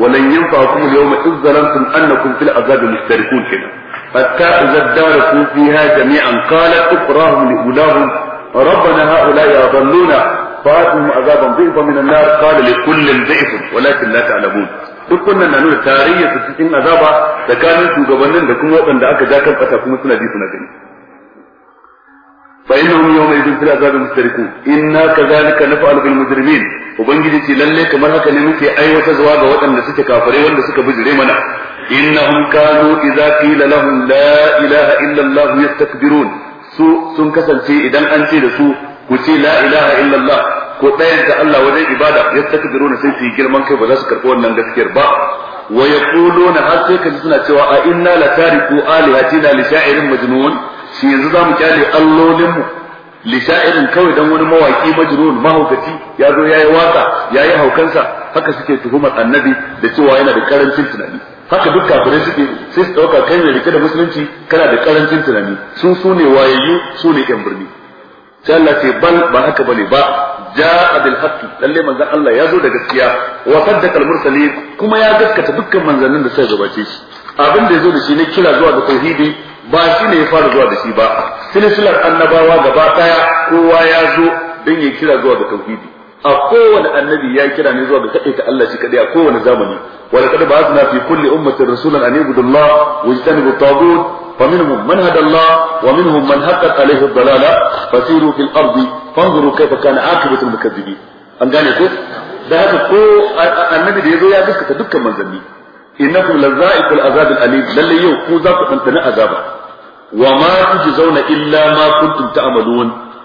walan yanfa'ukum yawma idh zalamtum annakum fil azabi mustarikun kina hatta idza daraku fiha jami'an qalat ukrahum li ulahum ربنا هؤلاء أضلونا فآتهم عذابا ضعفا من النار قال لكل ضعف ولكن لا تعلمون duk wannan na nuna tarayya su cikin azaba tsakanin shugabannin da kuma waɗanda aka ja kan ƙasa kuma suna ji suna gani fa innahum yawma idin fil azabi mustarikun inna kadhalika naf'alu bil mujrimin ubangiji ce lalle kamar haka ne muke zuwa ga waɗanda suke kafare wanda suka bijire mana innahum kanu idza qila lahum la ilaha illa allah yastakbirun su sun kasance idan an ce da su ku ce la ilaha illallah ko ɗayan ta Allah wajen ibada ya takbiru sai su yi girman kai ba za su karɓi wannan gaskiyar ba wa yaquluna har sai kaji suna cewa a inna la tariku alihatina li sha'irin majnun shi yanzu zamu kyale allolin mu li sha'irin kawai dan wani mawaki majnun mahaukaci ya zo yayi waka yayi haukansa haka suke tuhumar annabi da cewa yana da karancin tunani haka duk kafirai suke sai su dauka kai mai rike da musulunci kana da karancin tunani su sune ne wayayyu su ne yan birni sai Allah ce bal ba haka bane ba ja'a bil haqq lalle manzon Allah ya zo da gaskiya wa saddaqa al ne kuma ya gaskata dukkan manzannin da suka gabace shi abin da yazo da shi ne kira zuwa ga tauhidi ba shi ne ya fara zuwa da shi ba silsilar annabawa gaba daya kowa ya zo don ya kira zuwa ga tauhidi a kowane annabi ya kira ne zuwa ga kaɗai ta Allah shi kaɗai a kowane zamani wa laqad ba'athna fi kulli ummatin rasulan an ibudu Allah wa yajtanibu tagut fa minhum man hada Allah wa minhum man haqqat alayhi ad-dalala fasiru fil ardi fanzuru kayfa kana aqibatu al-mukaththibin an gane ko da haka ko annabi da yazo ya gaskata dukkan manzanni innakum lazaiqul azab al-alim lalle yau ku za ku tantana azaba wa ma tujzauna illa ma kuntum ta'malun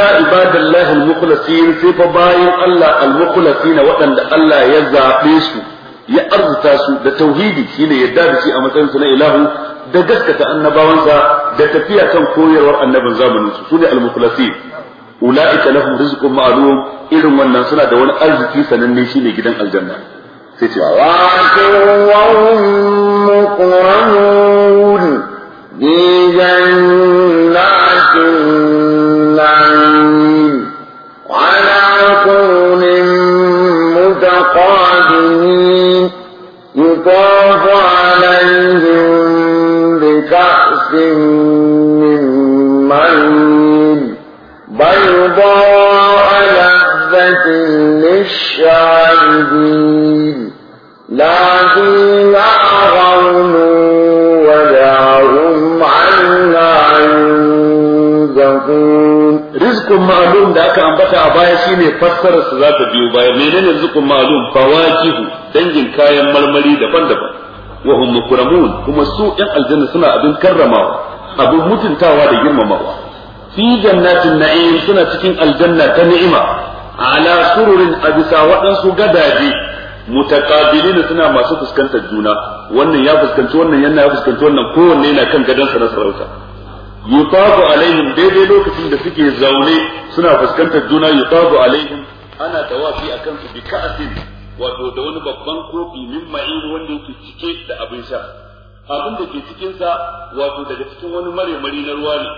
a ibadallahi al-mukhlasin sai fa bayan Allah al na waɗanda Allah ya zabe su ya arzuta su da tauhidi shine yadda da shi a matsayin na ilahu da gaskata annabawansa da tafiya kan koyarwar annabin zamanin su sune al-mukhlasin ulaika lahum rizqun ma'lum irin wannan suna da wani arziki sananne shine gidan aljanna sai ce wa muqramun bi jannatin قادمين يطاف عليهم بكأس من معين بيضاء لذة للشاربين لا فيها غول ولا هم عنها ينزفون rizqun ma'lum da aka ambata a baya shine fassarar su za ta biyo baya menene rizqun ma'lum fawakihu dangin kayan marmari daban-daban wa hum mukramun kuma su yan aljanna suna abin karramawa abin mutuntawa da girmamawa fi jannatin na'im suna cikin aljanna ta ni'ima ala sururin abisa waɗansu gadaje mutakabilin suna masu fuskantar juna wannan ya fuskanci wannan yana ya fuskanci wannan kowanne yana kan gadansa na sarauta yutafu alaihim daidai lokacin da suke zaune suna fuskantar juna yutafu alaihim ana tawafi akan su bi ka'asin wato da wani babban kofi min ma'in wanda yake cike da abin sha abin da ke cikin sa wato daga cikin wani mare mari na ruwa ne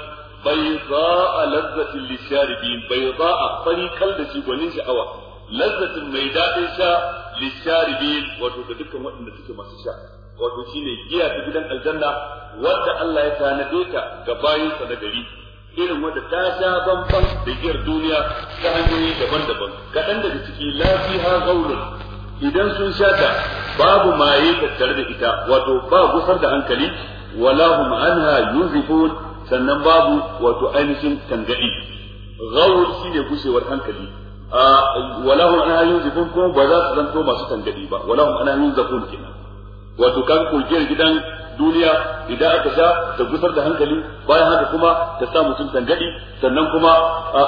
bai a lazzatin lisharibin a fari kalda da shi gwanin sha'awa lazzatin mai daɗin sha lisharibin wato da dukkan waɗanda suke masu sha wato ne giya ta gidan aljanna wanda Allah ya tanade ta ga bayinsa na gari irin wanda ta sha bamban da giyar duniya ta hanyoyi daban-daban kaɗan daga ciki lafiya gaulun idan sun sha ta babu maye tattare da ita wato ba gusar da hankali wala hum anha yuzifun sannan babu wato ainihin tangadi shi ne gushewar hankali wala hum anha yuzifun kuma ba za su zanto masu tangadi ba wala hum anha yuzifun kenan wato kan kogiyar gidan duniya idan aka sha ta gusar da hankali bayan haka kuma ta sa mutum tangadi sannan kuma ta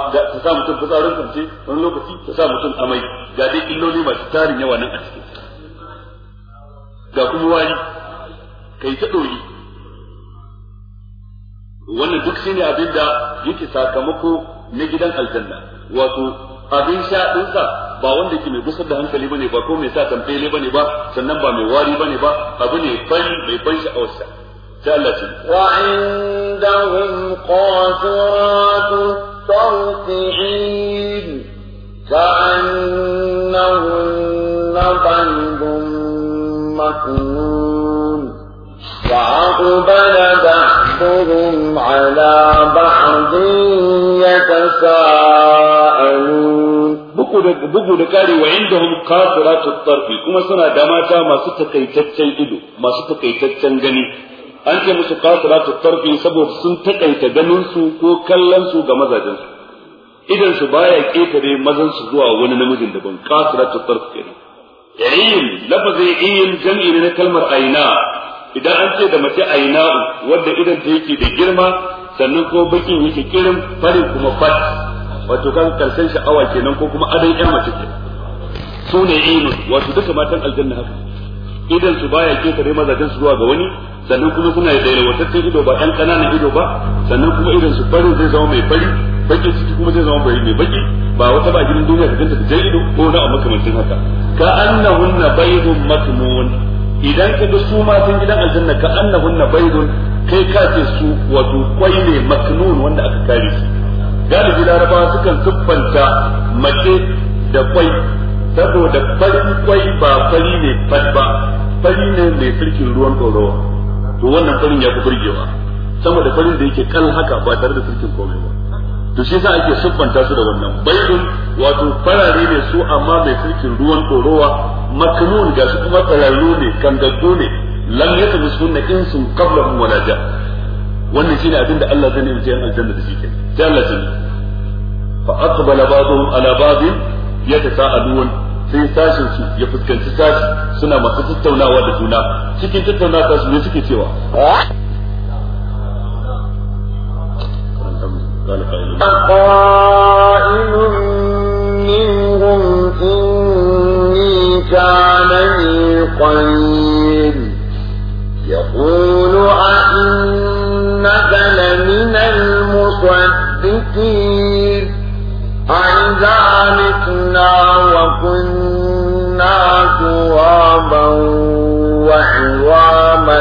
sa mutum fitsarin kance wani lokaci ta sa mutum amai ga dai illoli masu tarin yawa nan a ciki ga kuma wani kai ta ɗori wannan duk shine abin da yake sakamako na gidan aljanna wato abin sha ɗinsa ba wanda yake mai busar da hankali bane ba ko mai sa tambaye bane ba sannan ba mai wari bane ba abu ne ban mai ban sha'awarsa sai Allah ce wa indahum qasiratu tawqihin كأنهن بيض مكنون فأقبل بعضهم على بعض يتساءلون bugu da kare wa inda indahum qasiratut tarfi kuma suna da mata masu takaitaccen ido masu takaitaccen gani an ce musu qasiratut tarfi saboda sun takaita ganin su ko kallon su ga mazajensu su idan su baya ketare mazan su zuwa wani namijin daban qasiratut tarfi ne ayin lafazin ayin jam'i ne na kalmar aina idan an ce da mace aina wanda idan ta yake da girma sannan ko bakin yake kirin fari kuma fat wato kan karshen sha'awa kenan ko kuma adan yan mace kenan su ne inun wato duka matan aljanna haka idan su baya ketare mazajen su zuwa ga wani sannan kuma suna da yalwataccen ido ba ɗan ƙananan ido ba sannan kuma idan su farin zai zama mai fari baki ciki kuma zai zama bari mai baki ba wata ba gidan duniya ka ganta da ido ko na a makamancin haka ka annahunna baydun maknun idan ka ga su matan gidan aljanna ka annahunna baydun kai ka ce su wato kwai ne maknun wanda aka kare su. galibi laraba sukan siffanta mace da kwai saboda farin kwai ba fari ne fat ba fari ne mai sirkin ruwan ɗorowa to wannan farin ya fi burgewa sama da farin da yake kan haka ba tare da sirkin komai ba to shi yasa ake siffanta su da wannan baidun wato farare ne su amma mai sirkin ruwan ɗorowa makamun ga su kuma tsararru ne kangaggu ne lam sun insun mu wala ja wannan shine abin da Allah zai nemi aljanna da shi kenan jalajin fa aqbala ba'dhum ala ba'd yatasaalun sai sashin su ya fuskanci sashi suna masu tattaunawa da juna cikin tattaunawa su ne suke cewa قائل منهم إني كان قليل يقول أئنك لمن المصدقين الذكير أئذا متنا وكنا ترابا وعظاما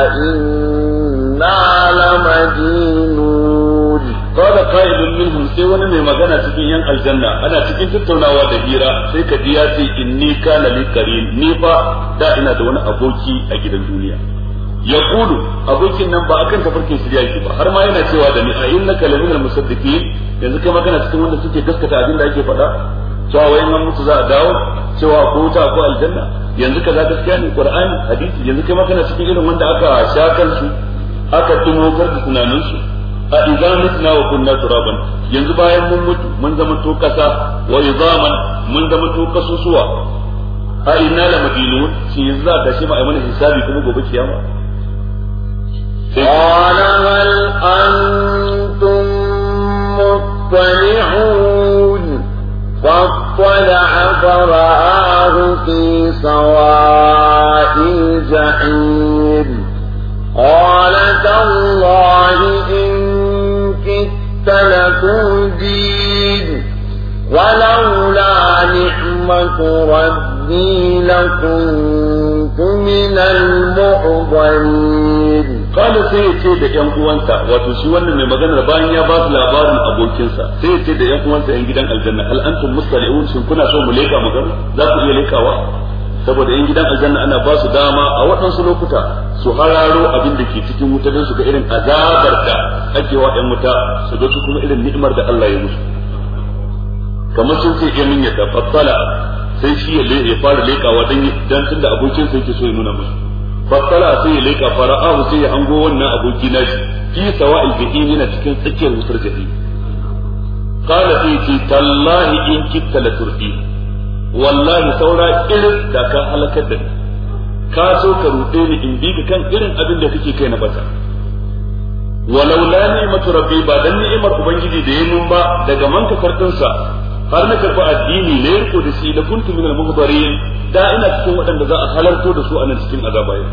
أئنا لمدينون da قائل منهم sai wani mai magana cikin yan aljanna ana cikin tattaunawa da hira sai ka ji ya ce inni kana li karim ni da ina da wani aboki a gidan duniya yaqulu abokin nan ba akan tafarkin shirya yake ba har ma yana cewa da ni a innaka lamin almusaddiqin yanzu kai magana cikin wanda suke gaskata abin da ake faɗa cewa wayan nan mutu za a dawo cewa ko ta ko aljanna yanzu ka kaza gaskiya ni qur'ani hadisi yanzu kai magana cikin irin wanda aka shakar su aka tumokar da tunanin su a idan mutuna wa kunna turaban yanzu bayan mun mutu mun zama to kasa wa izaman mun zama to kasusuwa a inna la madinun shi yanzu za a tashi ba a yi mana hisabi kuma gobe kiyama قال هل أنتم مطلعون فاطلع فرآه في سواء الجحيم قال تالله إن كدت ولولا نعمة ربي لكنت من المحضرين kala sai ya ce da yan uwansa wato shi wannan mai maganar bayan ya ba su labarin abokinsa sai ya ce da yan uwansa yan gidan aljanna al antum mustali'un shin kuna so mu leka mu za ku iya lekawa saboda yan gidan aljanna ana ba su dama a waɗansu lokuta su hararo abin da ke cikin wuta don su ga irin azabar da ake wa yan wuta su ga su kuma irin ni'imar da Allah ya musu kamar sun ce ya min ya sai shi ya fara lekawa don tunda abokinsa yake so ya nuna musu fattala sai ya leka fara'ahu sai ya hango wannan aboki nashi fi sawa'il jahim yana cikin tsakiyar wutar jahi qala sai ce tallahi in kitta la turfi wallahi saura irin da ka halakar da ka so ka rufe ni in bi kan irin abin da kake kai na bata walaulani la rabbi ba dan ni'imar ubangiji da yayin ba daga manka kartinsa har na karɓi addini na yarko da shi da kuntu min al-muhdarin da ina cikin waɗanda za a halarto da su a nan cikin azaba yau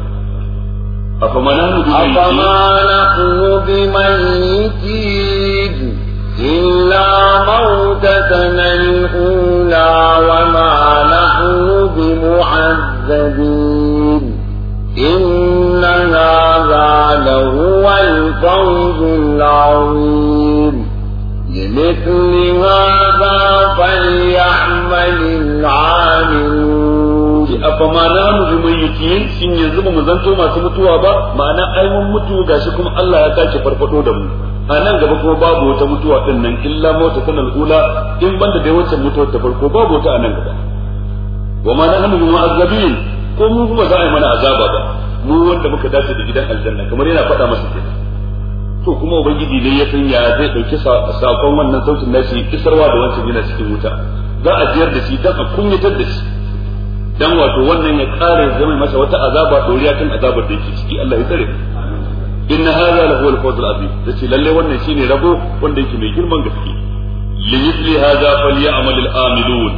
afama nahnu bi afama nahnu bi mayyitin illa mawtatan al-ula wa ma nahnu inna hadha lahu al-fawz al بمثل هذا فليعمل العامل Afa ma na mutu mai yakin sun yanzu ba mu zanto masu mutuwa ba ma'ana ai mun mutu gashi kuma Allah ya tashi farfado da mu a nan gaba kuma babu wata mutuwa din nan illa mota tana al'ula in banda da wacce mutuwa ta farko babu ta a nan gaba wa ma na mutu mai azabin ko mu kuma za a yi mana azaba ba mu wanda muka dace da gidan aljanna kamar yana faɗa masa kenan to kuma ubangiji dai ya san ya zai dauki sakon wannan sautin nashi kisarwa da wancan yana cikin wuta za a jiyar da shi dan a kunyatar da shi dan wato wannan ya kare zama masa wata azaba doriya kan azabar da yake ciki Allah ya tsare inna hadha la huwa al-fawz azim dace lalle wannan shine rabo wanda yake mai girman gaske li yusli hadha falyamal al-amilun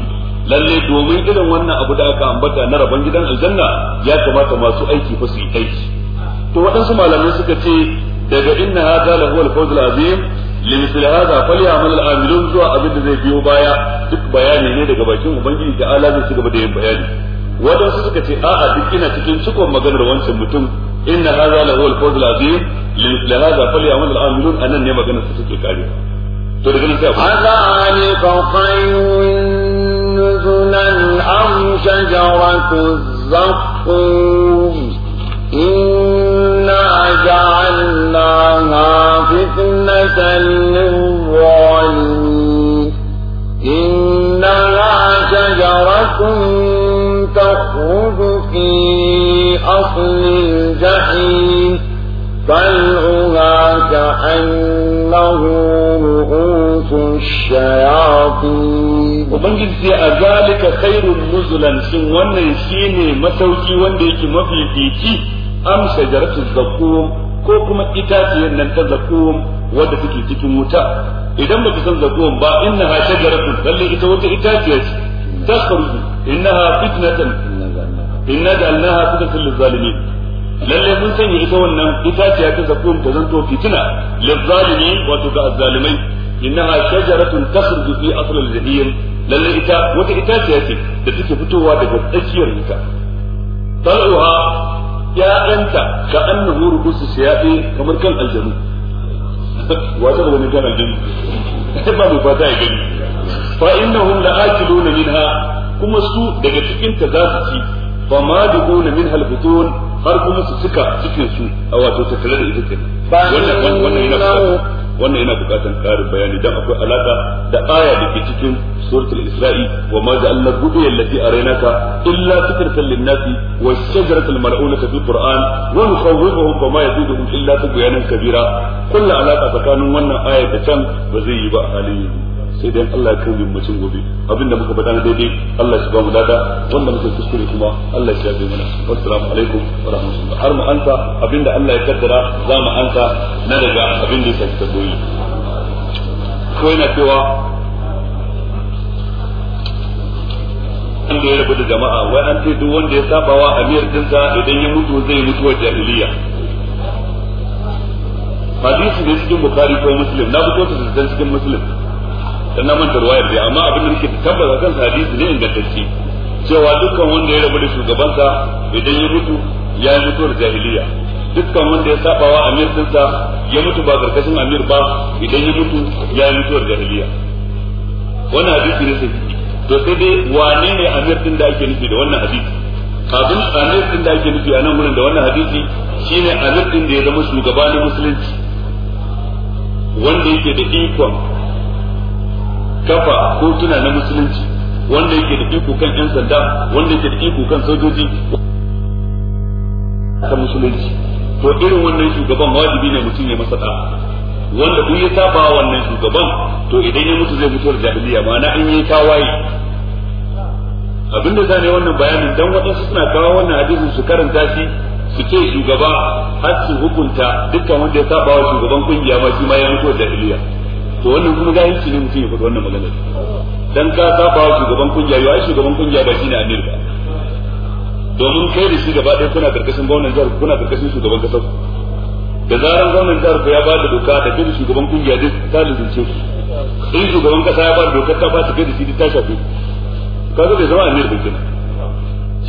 lalle domin irin wannan abu da aka ambata na rabon gidan aljanna ya kamata masu aiki fa su yi aiki to waɗansu malamai suka ce daga inna hadha lahu al-fawz al-azim limisl hadha falyamal al-amilun zuwa abin da zai biyo baya duk bayani ne daga bakin ubangiji da Allah zai ci gaba da yin bayani wadansu suka ce a'a duk ina cikin cikon maganar wancan mutum inna hadha lahu al-fawz al-azim limisl hadha falyamal al-amilun anan ne maganar su suke kare to daga nan sai abu hadhalika khayrun nuzulan am shajaratu zaqqum عاقبة للظالمين إنها شجرة تخرج في أصل الجحيم طلعها كأنه رؤوس الشياطين Ubangiji sai a zalika khairul nuzulan shin wannan shine masauki wanda yake mafifici am shajaratu zakum ko kuma itaciyar nan ta zakum wadda suke cikin wuta idan baki san zakuwan ba innaha shajaratun lalle ita wata itaciya ce takhruju innaha fitnatan inna ja'alnaha fitnatan lil-zalimin lalle mun sanya ita wannan itaciya ta zakuwan ta zanto fitina lil-zalimin wato ga azzalimai innaha shajaratun takhruju fi asl al-jahim lalle ita wata itaciya ce da take fitowa daga tsakiyar wuta tal'uha ya'anta ka annahu rubusu siyabi kamar kan aljanu wata da wani kana gani ba mu fata ya gani fa innahum la'akiluna minha kuma su daga cikin ta za su ci fa ma duquna minha al-butun har kuma su suka cikin su a wato tattare da ita kenan wannan wannan yana wannan yana bukatar karin bayani dan akwai alaka da aya da ke cikin suratul isra'i wa ma ja'alna ru'ya allati araynaka illa fikratan lin-nasi wash-shajaratal mal'unata fil qur'an wa nukhawwifuhum fama yaziduhum illa tughyanan kabira kullu alaka tsakanin wannan aya da can ba zai yi ba halin yanzu sai dai Allah ya kai mutum gobe abinda muka faɗa na daidai Allah shi ba mu dada wanda muka kuskure kuma Allah shi ya bi mana assalamu alaikum wa rahmatullahi har mu ansa abinda Allah ya kaddara za mu ansa na daga abinda ya ta ko yana cewa wanda ya rabu da jama'a wai an ce duk wanda ya sabawa amiyar dinsa idan ya mutu zai mutu mutuwar jahiliya hadisi ne cikin bukari ko muslim na fito ta cikin muslim dan na manta ruwa dai amma abin da nake tabbata kan hadisi ne ingantacce cewa dukkan wanda ya rabu da shugabansa idan ya mutu ya yi mutuwar jahiliya dukkan wanda ya saba wa amir dinsa ya mutu ba karkashin amir ba idan ya mutu ya yi mutuwar jahiliya wannan hadisi ne sai to sai dai wane ne amir din da ake nufi da wannan hadisi abin amir din da ake nufi a nan wurin da wannan hadisi shine amir din da ya zama shugaba na musulunci wanda yake da ikon kafa kotuna na musulunci wanda yake da iko kan yan sanda wanda yake da iko kan sojoji ta musulunci to irin wannan shugaban wajibi ne mutum ya masa da wanda kun ya saba wannan shugaban to idan ya mutu zai mutuwar jahiliya ma'ana an yi tawaye abinda zane wannan bayanin dan waɗansu suna kawo wannan hadisin su karanta shi su ce shugaba har su hukunta dukkan wanda ya saba wa shugaban kungiya ma shi ma ya mutuwar jahiliya to wannan kuma yanki ne mutum ya fito wannan maganar dan ka saba wa shugaban kungiya yau ai shugaban kungiya ba shine amir ba domin kai da shi gaba ɗaya kuna karkashin gwamnan jihar kuna karkashin shugaban kasar da zaran gwamnan jihar ku ya ba da doka da kai da shugaban kungiya duk ta lizince ku in shugaban kasa ya ba da doka ta ba ta kai da shi ta shafe ka ga bai zama amir ba kenan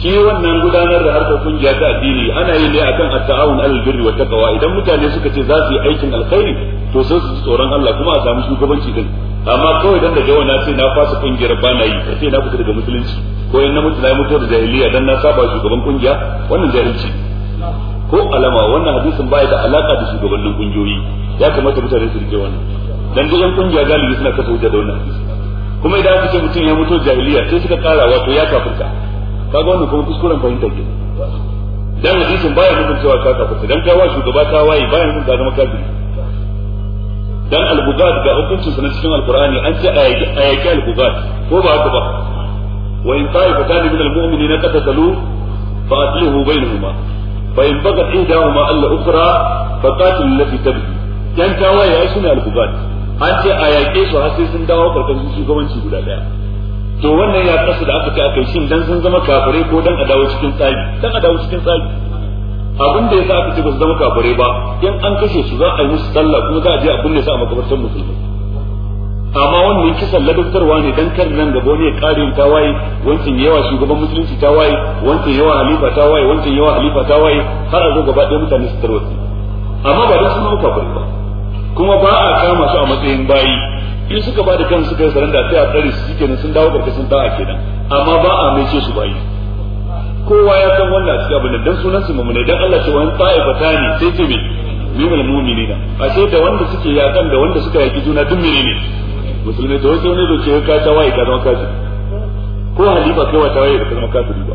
shi wannan gudanar da harkar kungiya ta addini ana yi ne akan at-ta'awun al birri wa taqwa idan mutane suka ce za su yi aikin alkhairi to sun su tsoron Allah kuma a samu shugabanci din amma kawai dan da gawa na sai na fasa kungiyar ba na yi sai na fita daga musulunci ko in na mutu na mutu da jahiliya dan na saba shugaban kungiya wannan jahilci ko alama wannan hadisin baya da alaka da shugabannin kungiyoyi ya kamata mutane su rike wannan dan duk yan kungiya galibi suna kasa wuce da wannan kuma idan aka ce mutum ya mutu jahiliya sai suka kara wato ya kafirka kaga wannan kuma kuskuren fahimtar ke dan hadisin baya nufin cewa ka kafirka dan kai wa shugaba ta waye bayan sun ka zama kafiri dan al-bugat ga hukuncin sa na cikin alqur'ani an ce ayyaki al-bugat ko ba haka ba wa in ta'ifatan min al-mu'minina qatatalu fa atluhu bainahuma fa in bagat ihdahuma alla ukhra fa qatil allati tabghi yan tawaye ya suna al-bugat an ce ayyake su har sai sun dawo karkashin shugabanci guda daya to wannan ya kasu da aka ce akai shin dan sun zama kafirai ko dan a dawo cikin tsari dan a dawo cikin tsari abin da yasa aka ce ba su zama kafirai ba in an kashe su za a yi musu sallah kuma za a je a binne su a makabartar musulmi amma wannan kisan ladabtarwa ne dan kar nan gaba wani ya kare ta waye wancan yawa shugaban musulunci ta waye wancan yawa halifa ta waye wancan yawa halifa ta waye har a zo gaba ɗaya mutane su tarwatsi amma ba dan sunan zama kafirai ba kuma ba a kama su a matsayin bayi in suka ba da kansu suka yi saranda sai a tsare su kenan sun dawo karkashin da'a kenan amma ba a mai ce su bayi kowa ya san wannan a cikin abin dan sunan su ne dan Allah ce wani ta ne sai ce me minal mu'minina sai da wanda suke yakan da wanda suka yaki juna duk ne musulmi to sai ne doke ka ta waye ka zama kafiri ko halifa kai wata waye ka zama kafiri ba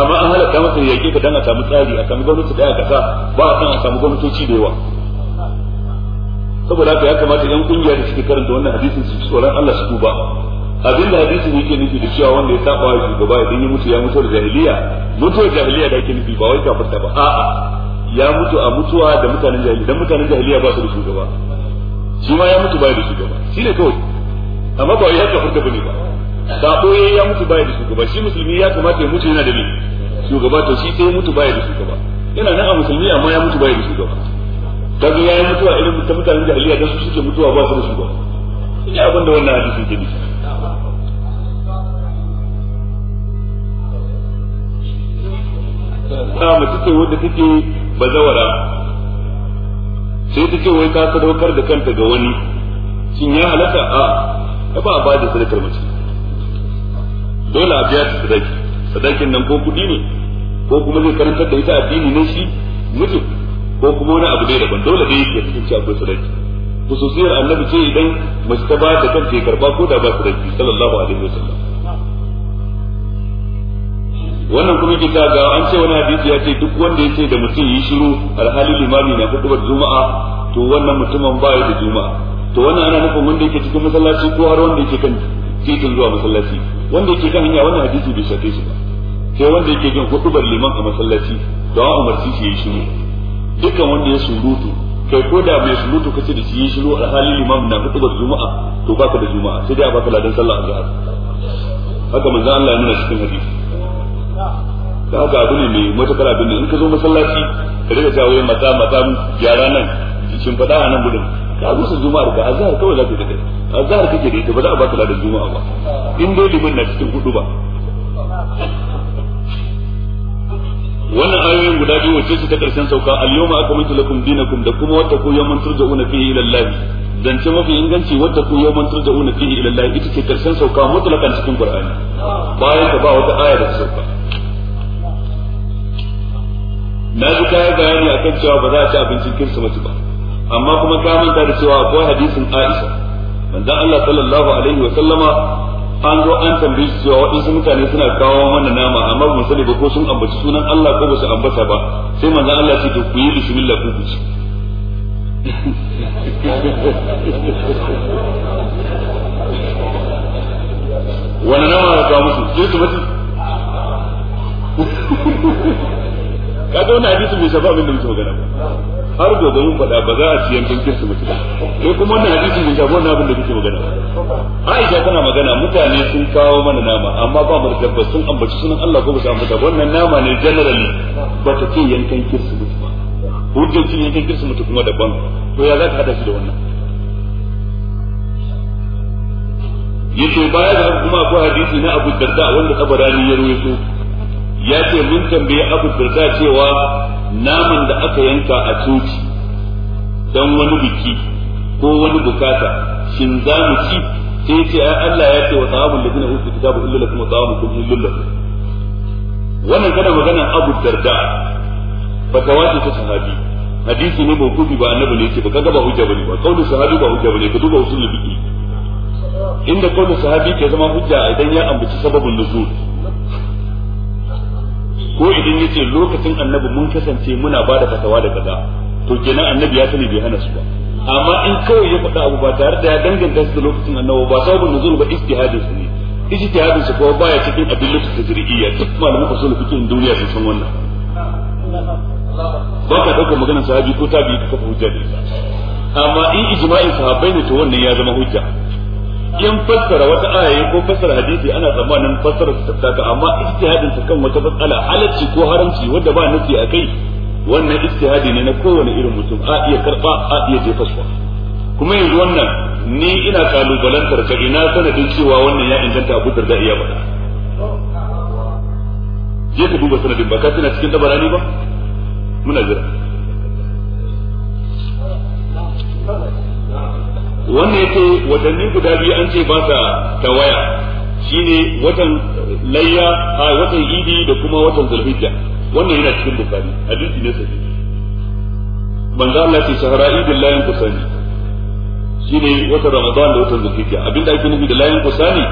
amma an halatta masa yake ka dan a samu tsari a samu gwamnati aka sa ba a san a samu gwamnatoci da yawa saboda haka ya kamata yan kungiya da suke karanta wannan hadisin su tsoron Allah su duba da hadisi yake nufi da cewa wanda ya saba wa shugaba idan ya mutu ya da jahiliya da jahiliya da yake nufi ba wai kafirta ba a'a ya mutu a mutuwa da mutanen jahiliya dan mutanen jahiliya ba su da shugaba shi ma ya mutu bai da shugaba shi ne kawai amma ba ya kafirta bane ba sabo yayi ya mutu bai da shugaba shi musulmi ya kamata ya mutu yana da me shugaba to shi sai mutu bai da shugaba yana nan a musulmi amma ya mutu bai da shugaba kaga ya mutuwa irin mutanen jahiliya da su suke mutuwa ba su da shugaba ina abin da wannan hadisi ke nufi ta mace ce wadda take bazawara sai ta ce wai ta sadaukar da kanta ga wani shin ya halatta a ta ba ba da sadakar mace dole a biya ta sadaki sadakin nan ko kudi ne ko kuma zai karantar da ita addini ne shi mutum ko kuma wani abu ne daban dole dai ya cikin akwai sadaki khususiyar annabi ce idan mace ta ba da kanta ya karba ko da ba sadaki sallallahu alaihi wasallam wannan kuma ke ta ga an ce wani hadisi ya ce duk wanda ya ce da mutum yi shiru alhali limami na hudubar juma'a to wannan mutumin ba ya da juma'a to wannan ana nufin wanda yake cikin masallaci ko har wanda yake kan titin zuwa masallaci wanda yake kan hanya wannan hadisi bai shafe shi ba sai wanda yake jin hudubar liman a masallaci da an umarci shi yi shiru dukkan wanda ya surutu kai ko da mai surutu kace da shi yi shiru alhali limam na hudubar juma'a to baka da juma'a sai dai a baka ladan sallah azhar haka manzo Allah ya nuna cikin hadisi da haka abu ne mai matakar abin da in ka zo masallaci ka daga jawo yin mata mata yara nan cikin fada a nan gudun ka zo su juma'ar ka azhar kawai za ka yi azhar kake da ita ba za a ta da juma'a ba in dai limin na cikin hudu ba wannan ayoyin guda biyu wacce su ta karshen sauka al-yawma akmaltu lakum dinakum da kuma wata ku yawman turja'una fihi ila Allah zance mafi inganci wata ku yawman turja'una fihi ila Allah ita ce karshen sauka mutlaqan cikin Qur'ani bayan ka ba wata aya da sauka na ji kayan bayani kan cewa ba za a ci abincin kirsimeti ba amma kuma ka manta da cewa akwai hadisin Aisha manzon Allah sallallahu alaihi wa sallama an zo an tambayi su cewa waɗansu mutane suna kawo mana nama amma ba sani ba ko sun ambaci sunan Allah ko ba su ambata ba sai manzon Allah ce to ku yi bismillah ku ku ci wani nama ya kawo musu kirsimeti kaga wannan hadisi bai shafa abin da muke magana har gobe mun faɗa ba za a siyan don kirsu mutu ba ko kuma wannan hadisi bai shafa wannan abin da muke magana Aisha tana magana mutane sun kawo mana nama amma ba mu da tabbas sun ambaci sunan Allah ko ba su ambata wannan nama ne generally ba ta ce yankan kirsu mutu ba yan yankan kirsu mutu kuma daban to ya za ka hada shi da wannan yace baya da kuma akwai hadisi na Abu Darda wanda Tabarani ya rawaito ya ce mun tambaye abu firda cewa naman da aka yanka a coci don wani biki ko wani bukata shin za mu ci sai ce ai Allah ya ce wa sahabul ladina utul kitaba illa lakum wa sahabukum illal lakum wannan kana magana abu darda fatawa ce ta sahabi hadisi ne bai kufi ba annabi ne ce ba kaga ba hujja bane ba kaulin sahabi ba hujja bane ka duba usul biki inda kaulin sahabi ke zama hujja idan ya ambaci sababin nuzul ko idan yace lokacin annabi mun kasance muna ba da fatawa da kaza to kenan annabi ya sani bai hana su ba amma in kawai ya faɗa abu ba tare da ya danganta su lokacin annabi ba sabon nuzul ba istihadin su ne istihadin su kuma baya cikin adillatu tajribiyya duk malamu malamin usul fiqh duniya sun san wannan ba ka maganar sahabi ko tabi ka kafa hujja da ita amma in ijma'in sahabbai ne to wannan ya zama hujja in fassara wata aya ko fassara hadisi ana tsammanin fassara ta tattaka amma ijtihadin sa kan wata matsala halacci ko haramci wanda ba nufi kai wannan ijtihadi ne na kowane irin mutum a iya karba a iya jefa kuma yanzu wannan ni ina kalubalantar ka ina sanadin cewa wannan ya inganta abu da iya faɗa je ka duba sanadin ba ka tana cikin dabarani ba muna jira wannan yace watanni guda biyu an ce ba ta tawaya shine watan layya a watan idi da kuma watan zulhijja wannan yana cikin bukari hadisi ne sahihi manzo Allah ce shahara idil la yanqusani shine watan ramadan da watan zulhijja abinda ake nufi da la yanqusani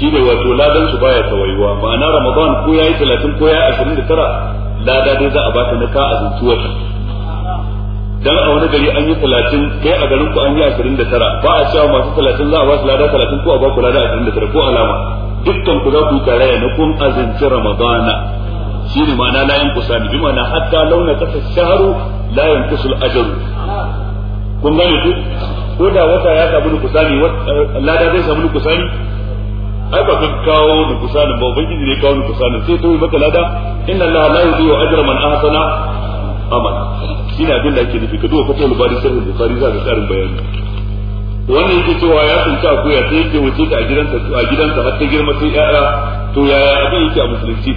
shine wato ladan su baya tawayuwa ma'ana ramadan ko yayi 30 ko yayi 29 lada dai za a baka na ka azuntuwar dan a wani gari an yi talatin kai a garin ku an yi ashirin da tara ba a cewa masu talatin za a ba su lada talatin ko a ba ku lada ashirin da tara ko alama dukkan ku za ku yi na kun azinci ramadana shi ne ma'ana layin kusa ne bi ma'ana hatta launa kasa shaharu layan kusul ajaru kun gane ku ko da wata ya samu ni kusani eh, lada zai samu ni kusani ai ba ka kawo ni kusanin ba ubangiji ne kawo ni kusanin sai to yi maka lada inna allaha la yudhi'u ajra man ahsana amana shine abin da ake nufi ka duba fatul bari sahih bukhari za ka karin bayani wannan yake cewa ya tsinci akuya sai yake wuce ta a gidansa a gidansa har ta girma sai ya'ya to yaya abin yake a musulunci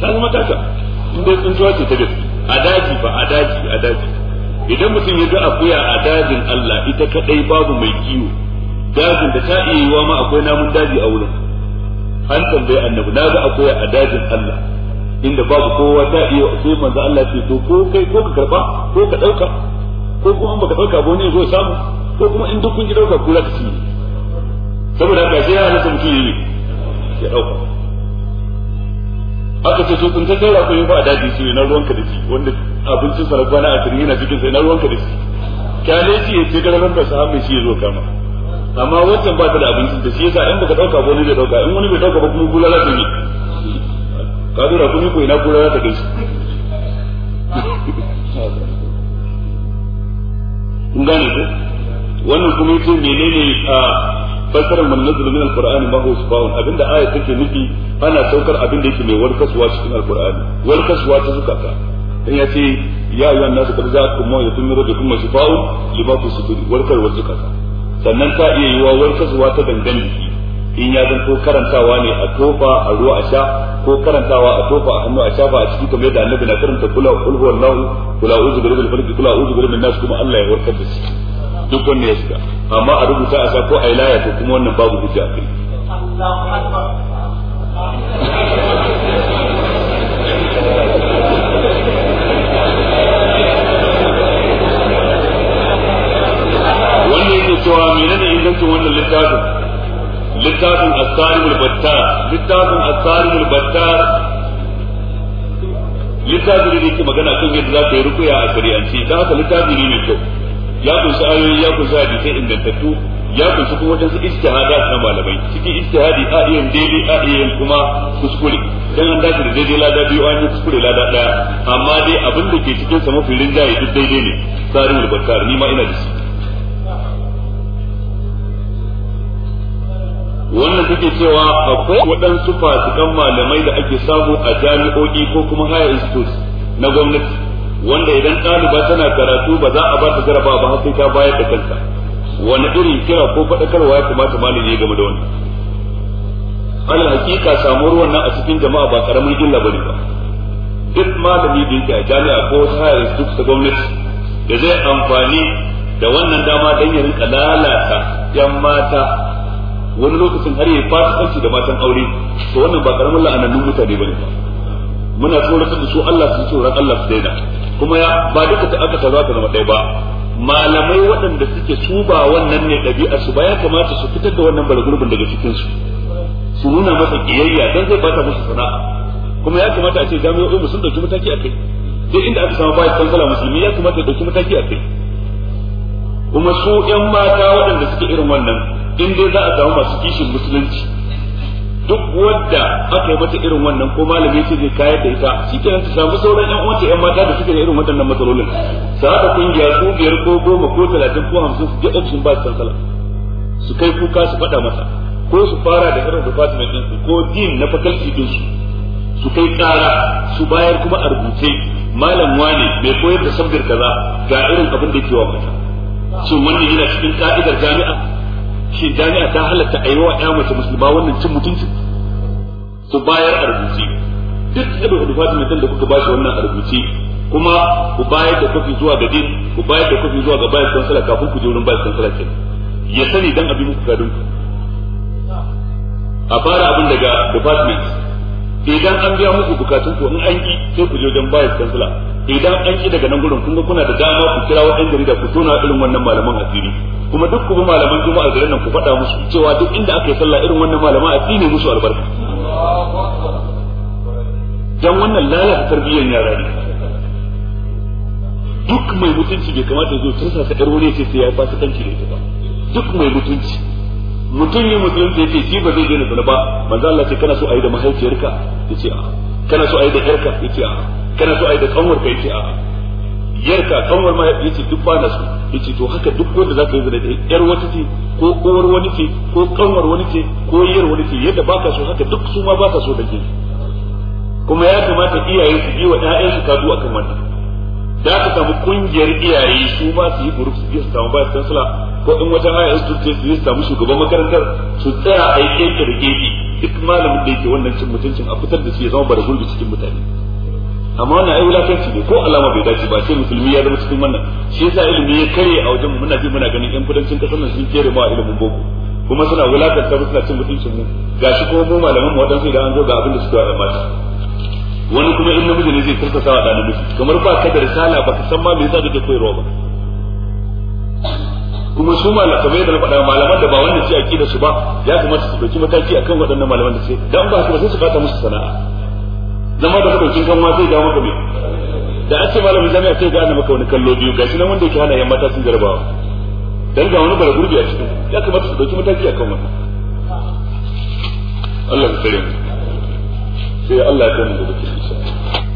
ta zama tata in dai tsintuwa ce ta gaske a daji ba a daji a daji idan mutum ya ga akuya a dajin Allah ita kadai babu mai kiwo dajin da ta iya yiwa ma akwai namun daji a wurin an bai annabi na ga akuya a dajin Allah inda babu kowa ta iya sai manzo Allah ce to ko kai ko ka karba ko ka dauka ko kuma baka dauka ba ne zo samu ko kuma in duk kun ji dauka ku zaka ci saboda haka sai ya halatta mutum yi ya dauka aka ce to kun ta tsaya ku yi ba daji su na ka da shi wanda abincin sarakwana a tiri yana cikin sai na ruwan ka da shi kyale shi ya ce gararan ka samu shi ya zo kama amma wancan ba ta da abincin da shi yasa in baka dauka ba ne zai dauka in wani bai dauka ba kuma bulala ta ne ka kun kuma ko ina gura za ta gaishe kun gane ko wannan kuma yace menene a fasarar man nazala min alqur'ani ma huwa sifa'un abinda aya take nufi ana saukar abinda yake mai warkaswa cikin alqur'ani warkaswa ta zukata dan yace ya ayyuhan nasu qad ja'akum maw'izatun min rabbikum kuma shifa'un lima su sudur warkar wa zukata sannan ta iya yiwa warkaswa ta dangane in ya zanto karantawa ne a tofa a ruwa a sha ko karantawa a tofa a hannu a shafa a ciki kamar yadda annabi na karanta kula kul huwallahu kula uzu birbil falq kula uzu birbil nas kuma Allah ya warkar da shi duk wanne ya shiga amma a rubuta a sha ko a laya to kuma wannan babu hujja kai wannan yake cewa menene ingancin wannan littafin littafin asarimul battar littafin asarimul battar littafin ne ke magana kan yadda za ka yi rukuya a shari'anci da haka littafin ne mai kyau ya kunshi ayoyi ya sai kunshi hadisai ingantattu ya su kuma wajen wadansu ijtihada na malamai cikin ijtihadi a iya daidai a iya kuma kuskure dan an dace da daidai lada biyu an yi kuskure lada daya amma dai abin da ke cikin sa mafi rinjaye duk daidai ne tsarin rubutar ni ma ina da shi wannan take cewa akwai waɗansu fasikan malamai da ake samu a jami'o'i ko kuma higher institutes na gwamnati wanda idan ɗaliba tana karatu ba za a ba ta jaraba ba har sai ta bayar da kanta wani irin kira ko faɗakarwa ya kamata malami ya game da wannan alal hakika samuwar wannan a cikin jama'a ba karamin illa bane ba duk malami da a jami'a ko higher institutes ta gwamnati da zai amfani da wannan dama don ya rinka lalata 'yan mata wani lokacin har ya fasikanci da matan aure to wannan ba karamin la'anannun mutane bane ba muna tsoratar da su Allah su tsoron Allah su daina kuma ya ba duka ta aka za ta zama ɗaya ba malamai waɗanda suke su ba wannan ne ɗabi'a su ba ya kamata su fitar da wannan balagurbin daga cikin su su nuna masa kiyayya dan zai bata musu sana'a kuma ya kamata a ce mu sun dauki mataki a kai duk inda aka samu bayan kansala musulmi ya kamata ya dauki mataki a kai kuma su yan mata waɗanda suke irin wannan in dai za a samu masu kishin musulunci duk wadda aka yi mata irin wannan ko malami ce zai kayar da ita shi ke ta samu sauran yan uwanta yan mata da suke da irin waɗannan matsalolin su haɗa kungiya su biyar ko goma ko talatin ko hamsin su je ofishin ba su san sala su kai kuka su faɗa masa ko su fara da irin department ɗinsu ko din na faculty ɗin su su kai tsara su bayar kuma a rubuce malam wane mai koyar da sabbir kaza ga irin abin da ke wa mata shin wannan yana cikin ka'idar jami'a shi jami'a ta halatta a yi wa ya mace musulma wannan cin mutunci su bayar a rubuce duk da bai hudu fatin da kuka ba shi wannan a rubuce kuma ku bayar da kofi zuwa ga din ku bayar da kofi zuwa ga da kansala kafin ku je wurin da kansala kenan ya sani dan abin muku gadon ku a fara abin daga department idan an biya muku bukatun ku in an yi sai ku je wajen da kansala idan an yi daga nan gurin kun ga kuna da dama ku kira waɗanda jarida ku tona irin wannan malaman asiri kuma duk ku bi malaman juma'a garin nan ku faɗa musu cewa duk inda aka yi sallah irin wannan malama a tsine musu albarka dan wannan lalata tarbiyyar yara ne duk mai mutunci bai kamata ya zo tursa ta ɗaro ne ce sai ya fasa kanki da ita ba duk mai mutunci mutum ne mutunci yake shi ba zai daina zina ba manzo Allah ce kana so a yi da mahaifiyarka yace a kana so a yi da yarka yace a kana so a yi da kanwarka yace a yarka kanwar ma yace duk ba na so yace to haka duk wanda zaka yi zina da yar wata ce ko uwar wani ce ko kanwar wani ce ko yar wani ce yadda baka so haka duk su ma baka so da ke kuma ya kamata iyaye su yi wa su kadu akan wannan da ka samu kungiyar iyaye su ma su yi group su yi su samu su kansila ko in wata haya su ce su yi su samu shugaban makarantar su tsaya a yi da gefe duk malamin da yake wannan cin mutuncin a fitar da shi ya zama bara gurbi cikin mutane amma wannan ai wulakanci ne ko alama bai dace ba sai musulmi ya zama cikin wannan shi yasa ilimi ya kare a wajen muna ji muna ganin yan kudancin kasar nan sun kere ma ilimin boko kuma suna wulakanta mu suna cin mutuncin mu gashi kuma mu malaman mu wadansu idan an zo ga abin da suke wa mata wani kuma in namiji ne zai tursasa wa ɗan kamar ba ka da risala ba ka san ma me yasa kake koyarwa ba kuma su malama kamar yadda na faɗa malaman da ba wanda ce da su ba ya kamata su ɗauki mataki akan waɗannan malaman da ce dan ba su ba sai su fata musu sana'a zama da madaukin kanwa sai ga maka me da an ce malamin jami'a sai ga ana maka wani kallo biyu gashi nan wanda yake hana yan mata sun jarabawa dan ga wani bara gurbi a cikin ya kamata su dauki mataki akan wannan Allah ya kare mu sai Allah ya kare mu da cikin